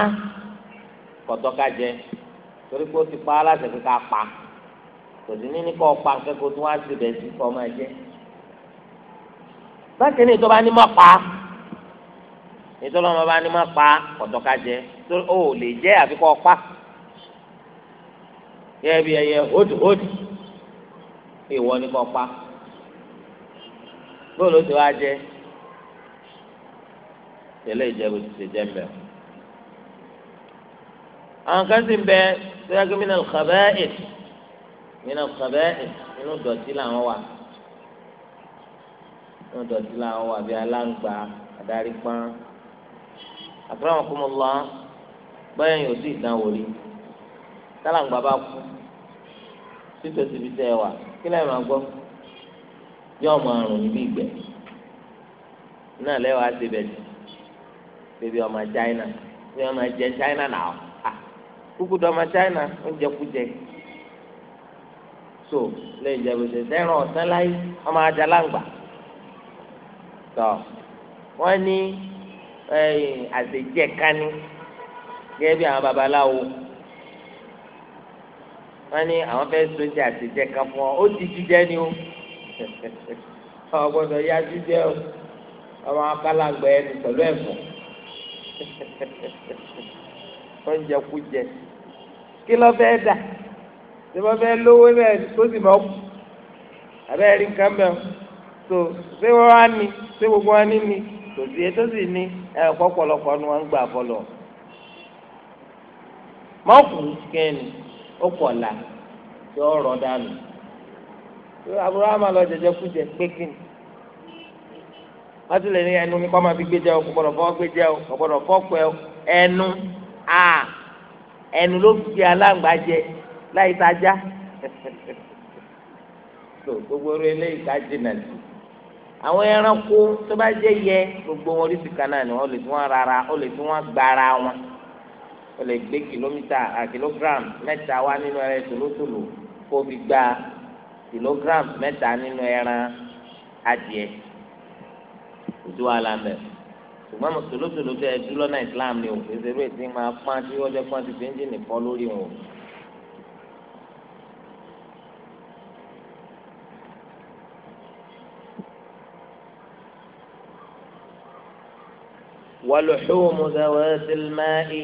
kọ̀tọ́ ká jẹ torí pé ó ti pa aláṣẹ pé ká pa kò sí ní ní kọ́ pa kẹ́kọ̀ọ́ tó wá síbẹ̀ sí kọ́ máa jẹ bákan ní ìtọ́ bá ní pa á nítorí ọmọ bá ní má pa ọ̀dọ́ ká jẹ torí ó lè jẹ àfi kọ́ pa gẹ́gẹ́ bí ẹyẹ hódì hódì ìwọ ni kọ́ pa bóòlù tó wá jẹ tẹlẹ ìjẹun ti ṣe jẹ mbẹ àwọn kan sì ń bẹ sọ́yàgé mi náà kàbẹ́ ẹ̀ mi náà kàbẹ́ inú dọ̀tí làwọn wà inú dọ̀tí làwọn wà bí aláǹgbá adarí pọ́n àkàràwọn kò mọ lọ báyà yóò sì dánwò rí tálàǹgbà bá kú títòsí ibi tẹ ẹ wà kí lẹ́yìn máa gbọ́ yóò máa rùn níbi ìgbẹ́ náà lẹ́wàá ti bẹ̀ bébí ọmọ China bí ọmọ jẹ China náà kúkú dọ́mọ China ó ń jẹ kú jẹ so lẹ́yìn ìjẹ̀bù ṣe sẹ́ràn ọ̀sán láyé ọmọ ajá láǹgbà tọ́ wọ́n ní àṣejẹ kání gẹ́gẹ́ bí àwọn babaláwo wọ́n ní àwọn fẹ́ẹ́ sojẹ àṣejẹ kan fún ọ ó ti jíjẹ ni o ọ gbọ́dọ̀ ya jíjẹ o ọmọ akálàgbẹ ẹni pẹ̀lú ẹ̀fọ́ oúnjẹ kú jẹ kí lọ fẹ́ẹ́ dà tí wọ́n fẹ́ẹ́ lówó bẹ́ẹ̀ tó sì mọ kù abẹ́rẹ́ rí nǹkan bẹ́ẹ̀ o tó ṣé wọ́n wá ní ṣé gbogbo wa ní ní tòsí ètò sì ní ẹ kọ́pọ̀lọpọ̀ ni wọ́n ń gbà fọlọ̀ mọ́ọ̀kù kẹ́ni ó kọ̀ la tí ó rọ̀ dànù Abrahamu lọ jẹjẹ kú jẹ pékin wọ́n ti lè ní ẹnu mi kọ́ máa fi gbé jẹ o kò gbọ́dọ̀ fọ́ gbé jẹ o kò gbọ́dọ̀ fọ́ pẹ́ o ẹnu a ẹnu ló fi aláǹgbá jẹ láì sájá tó gbogbo eré eléyìí ká jìnnà àwọn ẹranko tó bá jẹ́ yẹ gbogbo wọn oríṣi kan náà ni wọ́n lè fi wọ́n rara ó lè fi wọ́n gbára wọn ó lè gbé kìlómítà à kìlógram mẹ́ta wá nínú ẹran tòlótòló kó fi gba kìlógram mẹ́ta nínú ẹran adìẹ ojú wa la mẹ ṣùgbọ́n mo tòlótòló tẹ ẹ dúró náà Islam ni o ìṣerú ètí máa pọ́n tí wọ́n jẹ́ pọ́n ti fi ń jìnnì kọ́ lórí wọn wàlúhùmù dàwẹ́sì máì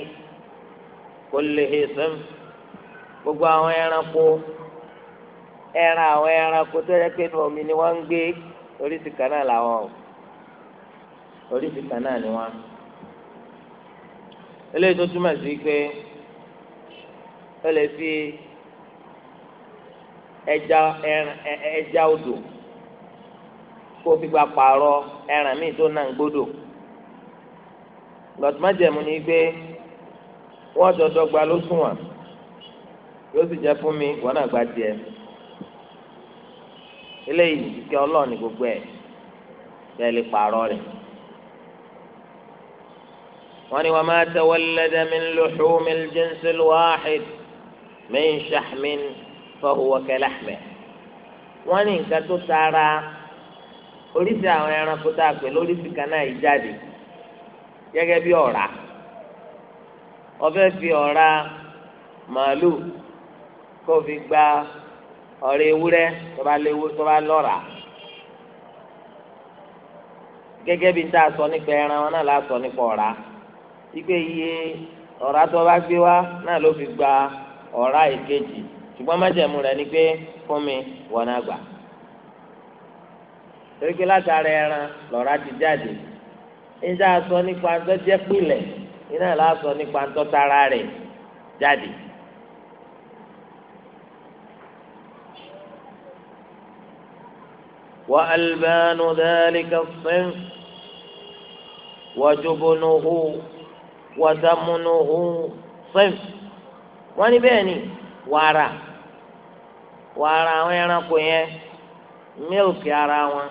kò lè hẹsẹ̀m gbogbo àwọn ẹranko ẹran àwọn ẹranko tó yẹ pé omi ni wọ́n ń gbé oríṣi kan náà làwọn oríṣi kan náà ni wọ́n. eléyìí tó túmọ̀ sí pé ó lè fi ẹja odò kó fi gba pààrọ̀ ẹran míì tó náà ń gbódò lọ́tùmájẹ̀mú ni pé wọ́n dọ́dọ́ gba ló sùn wọ́n yóò sì jẹ́ fún mi wọ́n náà gba tiẹ̀ eléyìí kí ọlọ́run ní gbogbo ẹ̀ bẹ́ẹ̀ lè pààrọ̀ rẹ̀ wọ́n ní wọ́n máa tawallada min luhumil jinsil wahid min shahmin fahuwa kalahmih wọ́n ní nǹkan tó tara oríṣi àwọn ẹranko tá a pè lóríṣi kan náà yìí jáde gẹ́gẹ́ bí ọ̀rá ọfẹ́ fi ọ̀rá màálù kó fi gba ọ̀rẹ́ ewúrẹ́ tọ́ba léwu tọ́ba lọ́ra bí n ta sọ nípa ẹran wọn náà la sọ nípa ọ̀rá igbe iye ọ̀rá tó bá gbé wá náà ló fi gba ọ̀rá èkejì ṣùgbọ́n májẹ̀mú rẹ̀ ni pé fún mi wọ́n náà gbà torí ẹran lọ́ra ti jáde níta sọ nípa ntọ́ jẹ́ pilẹ̀ iná ìlà sọ nípa ntọ́ tara rẹ̀ jáde. وألبان ذلك الصنف وجبنه وثمنه صنف wọ́n ní bẹ́ẹ̀ ni wàrà wàrà àwọn ẹranko yẹn mílìkì ara wọn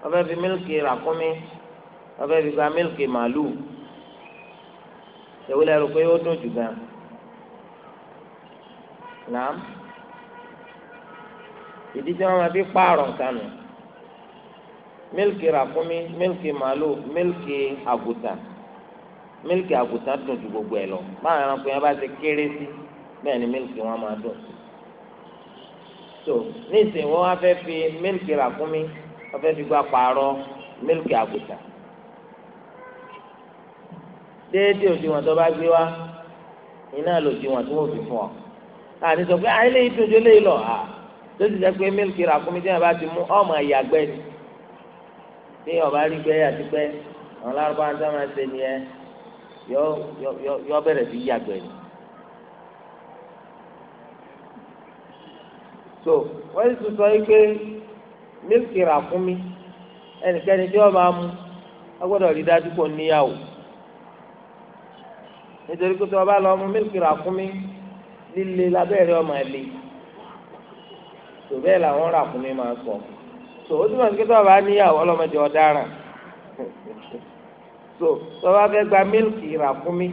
wọ́n fẹ́ẹ́ fi mílìkì ràkúnmí wọ́n fẹ́ẹ́ fi gba mílìkì màálù ìwé lẹ́rù pé ó dùn jù gan nàám ìdí tí wọ́n máa fi pààrọ̀ nǹkan nù mílìkì ràkúnmí mílìkì màálù mílìkì àgùtàn mílìkì àgùtàn dùn ju gbogbo ẹ̀ lọ báwọn ẹranko yẹn bá ti kéré sí bẹ́ẹ̀ ni mílìkì wọn máa dùn so nísìnyí wọ́n wá fẹ́ fi mílìkì ràkúnmí wọ́n fẹ́ fi gba pààrọ̀ mílìkì àgùtàn déédéé òdiwọ̀n tó bá gbé wá iná lòdiwọ̀n tó wọ́n fi fún ọ. àní sọ pé àyìn lẹ́yìn tó délé lọ à ah, tó ti jẹ́ pé mílìkì rà kúmi tí wọ́n bá ti mú ọmọ ìyàgbẹ́ ni tí ọba rí gbẹ́ àti gbẹ́ àwọn lárúbá ń sábà ṣe nìyẹn yọ bẹ̀rẹ̀ sí yàgbẹ́ ni. so wọ́n ti sọ yìí pé mílìkì rà kúmi ẹnikẹ́ni tí wọ́n bá mú ọgbọ́dọ̀ rí dájú kó níyàwó nítorí pé tí wọ́n bá lọ ọmọ mílíkì ràkúnmí líle lábẹ́rẹ́ ọmọ ẹ̀ lé tó bẹ́ẹ̀ làwọn ràkúnmí máa ń sọ tó o túmọ̀ sí pé tí wọ́n bá níyàwó ọlọ́mọdé ọ̀daràn tó tó bá fẹ́ gba mílíkì ràkúnmí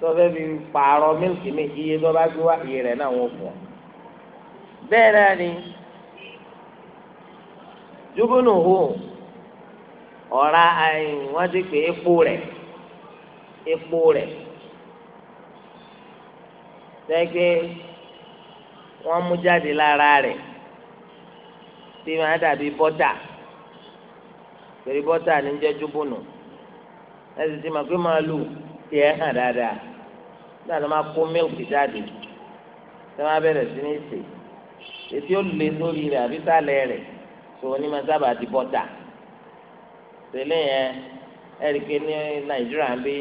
tó fẹ́ fi pààrọ̀ mílíkì mi iye tó bá gbé wá iye rẹ̀ náà wọ́n fún ọ. bẹ́ẹ̀ náà ni jubunu hu ọ̀ra àyìn wọ́n ti pè é epo rẹ̀ epo rẹ̀ sẹ́gbẹ́ wọ́n mú jáde lára rẹ̀ tí máa dàbí bọ́tà pẹ̀lú bọ́tà ní jẹ́jú bùnú ẹ̀sìn tí màá pé máa lù tí ẹ̀ hàn dáadáa nígbà tó máa kó mílìkì jáde tó máa bẹ̀rẹ̀ sí ní sè ètí ó lè lórí rẹ̀ àbí sálẹ̀ rẹ̀ tó onímọ̀ sábà di bọ́tà tẹ́lẹ̀ yẹn ẹ̀ríkẹ́ ní nàìjíríà ń bí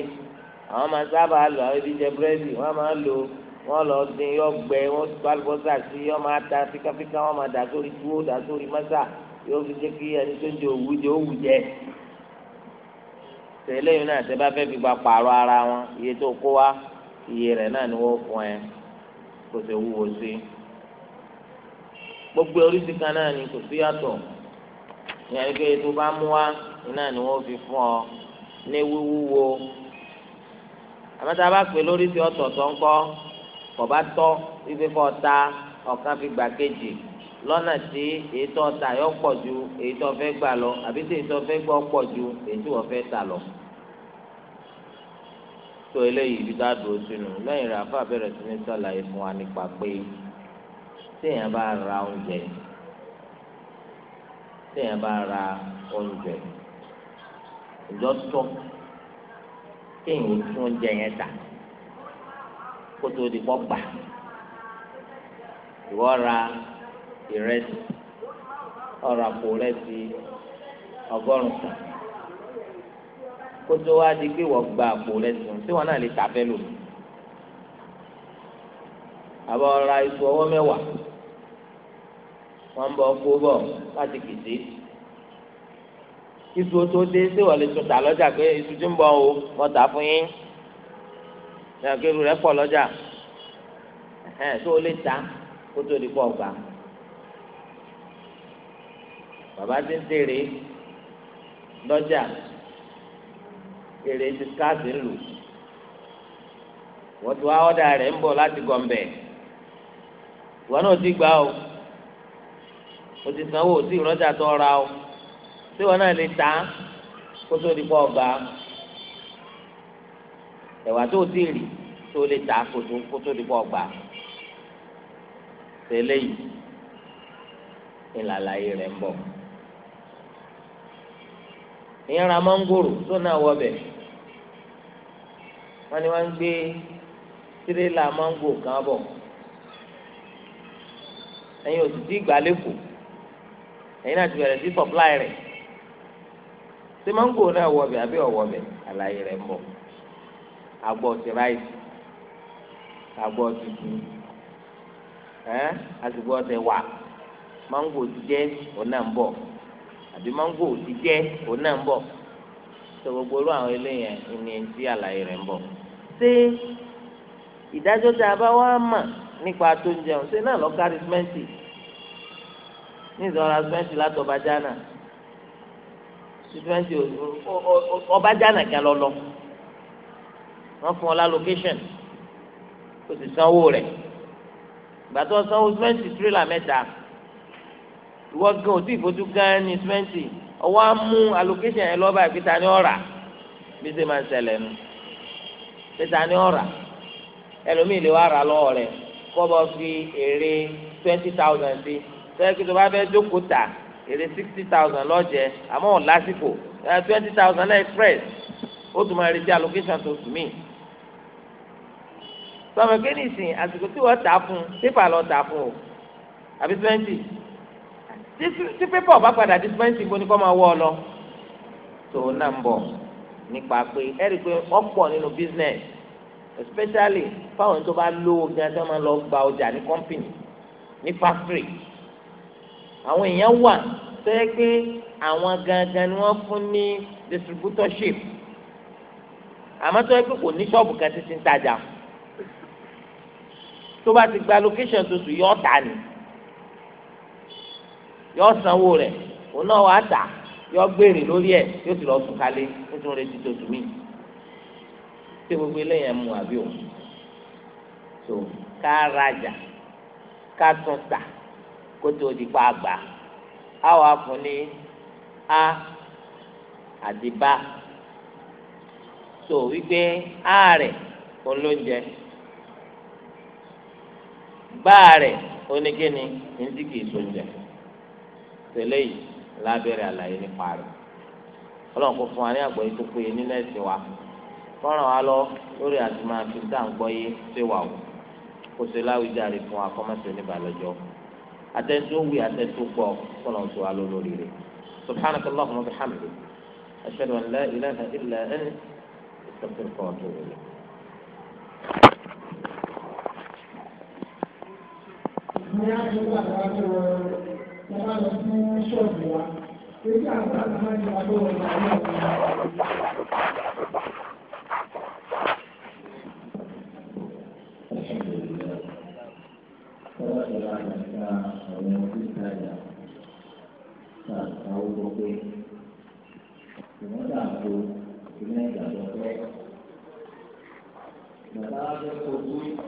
àwọn máa sábà lò àwọn ibi jẹ búrẹ́dì wọ́n máa lò ó wọ́n lọ dín yọ gbẹ wọ́n gbàlùbọ́sà sí yọ máa ta fíkàfíkà wọ́n máa dà sórí tuwó dà sórí mọ́sà yóò fi jẹ́ kí ẹni tó jẹ òwú jẹ òwú jẹ. tẹ̀lé yìí náà tẹ́ bá fẹ́ fi gba pààrọ̀ ara wọn iye tó kó wa iye rẹ̀ náà ni wọ́n fún ẹ kò sì wúwo sí gbogbo oríṣi kan náà ni kò sí yàtọ̀ ìyàrá pé tó bá mú wa náà ni wọ́n fi fún ọ ní wíwúwo àmọ́ tá a bá pè lóríṣi ọ̀tọ̀ọ̀tọ̀ ńkọ́ kọba tọ ibi kọ ta ọ̀kan fi gbà kejì lọ́nà tí èyí tó ta yọ pọ̀ ju èyí tó fẹ́ gbà lọ àbí tí èyí tó fẹ́ gbọ́ pọ̀ ju èyí tí wọ́n fẹ́ ta lọ. tó eléyìí ibi tá a dúró sínú lẹ́yìn rẹ̀ afá bẹ̀rẹ̀ sí ní sàlàyé fún wa nípa pé téèyàn bá ra oúnjẹ téèyàn bá ra oúnjẹ ìjọ tó kéèyàn tún oúnjẹ yẹn tà kótó di pọ́pà ìwọ ra ìrẹsì ọ̀rọ̀ àpò rẹsì ọgọ́rùn kan kótó wá di pé wọ́n gba àpò rẹsì tí wọ́n náà lè ta fẹ́ lòmù àbọ̀ ra iṣu ọwọ́ mẹ́wàá wọ́n ń bọ̀ kó bọ̀ láti kìdé iṣu tó dé sí wọ́n lè tún ta lọ́jà pé iṣu tí ń bọ̀ o wọ́n ta fún yín ẹ̀rọ rẹ̀ pọ̀ lọ́jà ẹ̀hẹ́n tó lè ta kó tó di pọ̀ gbà. bàbá ti ń tèrè lọ́jà èrè ti káàsì ń lù wọ́n ti wá ọ́dà rẹ̀ ń bọ̀ láti gọ̀m̀bẹ̀ ìwọ́n náà ti gbà o o ti sanwó o ti rọ́jà tó ra o tí wọ́n náà lè ta kó tó di pọ̀ gbà ẹ̀wà tó ti rì tó lè ta kótó kótó di pọ̀ gbà tẹ́lẹ̀ yìí ìlàlàyé rẹ̀ ń bọ̀ ìyẹn ra mọ́ngòrò tó náà wọ bẹ̀ wọ́n ní wọ́n ń gbé tirẹ́là mọ́ngò kan bọ̀ ẹ̀yin òsì tí ìgbà lẹ́kọ̀ọ́ ẹ̀yin náà ti bẹ̀rẹ̀ sí sọ́pláì rẹ̀ ṣé mọ́ngò náà wọ bẹ̀ àbí ọ̀wọ́ bẹ̀ àlàyé rẹ̀ ń bọ̀ àgbọ̀ ti ráìsì àgbọ̀ ti dùn ẹ́ àsìkò ọ̀sẹ̀ wà máńgò ti jẹ́ òun náà ń bọ̀ àbí máńgò ti jẹ́ òun náà ń bọ̀ tó gbogbo irú àwọn eléyẹn ni ti àlàyé rẹ̀ ń bọ̀. ṣé ìdájọ́ tí a bá wá mà nípa tó ń jẹun ṣé náà lọ́ọ́ kárí sìmẹ́ǹtì ní ìzọ́ra sìmẹ́ǹtì látọ̀bájá náà sìmẹ́ǹtì ọ̀bájá náà kí a lọ lọ wọ́n fún ọ lálòkéṣàn kò sì sanwó rẹ̀ ìgbà tó sanwó twenty tírélà mẹ́ta ìwọ gan òtún ìfojú gan ni twenty ọwọ́ á mú allocation yẹn lọ́ba ìpìtà ní ọ̀rà bí ṣe máa ń ṣẹlẹ̀ nu ìpìtà ní ọ̀rà ẹlòmíì lè wá ra lọ́wọ́ rẹ̀ kọ́ bọ́ fi èrè twenty thousand sí sọ́yẹ́ kí tó bá fẹ́ jókòó tà èrè sixty thousand lọ́jẹ̀ àmọ́ lásìkò twenty thousand express ó tún máa retí allocation tó sùn míì sọmọ kéde ìsìn àsìkò tí wọ́n tà fún pépà lọ tà fún o àbí twenty tí pépà ọba padà di twenty bó ni kọ́ máa wọ́ ọ lọ tó náà ń bọ̀ nípa pé ẹ rí i pé ọ̀pọ̀ nínú business especially fáwọn tó bá lówó gan tó máa lọ gba ọjà ní company ní factory àwọn èèyàn wà tó yẹ pé àwọn gangan ni wọ́n fún ní distributorship àmọ́ tó yẹ pé kò ní ṣọ́ọ̀bù kan títí ń tajà fún tó bá ti gba location tó sùn yọ tà ní yọ sanwó rẹ̀ òun náà wàá tà yọ gbèrè lórí ẹ̀ yóò ti lọ sùn kálé nítorí retí tó sùn mí ṣé gbogbo eléyìí mú àbí òun tó ká rajà ká tún tà kó tó di pa àgbà á wàá fún ní a àti bá tó wípé a rẹ̀ òun ló ń jẹ gbáà rẹ̀ oníkéni ntí kìí sọjà tẹlẹ yìí lábẹ́rẹ́ àlàyé nípa rẹ̀ ọlọ́run kò fún wa ní àgbọ̀ yìí tó péye nínú ẹ̀sìn wa fọ́nrán wa lọ lórí àti máa fi dá àgbọ̀ yìí ṣe wà o kò ṣe láwùjáre fún wa kọ́ mọ́tò oníbàlọ́jọ́ àtẹ̀tù wí àtẹ̀tù gbọ́ fọ́nrán tó wa lọ lórí rẹ̀ subhanaka allahumma wa bihamdika ashhadu an la illa anta wa atubu ní àdúgbò àtàwọn ọ̀rọ̀ wọn bá lọ sí ṣọ́ọ̀bù wa èyí àwọn àtàwọn ìlú àbúrò ọ̀rọ̀ àwọn Thank you.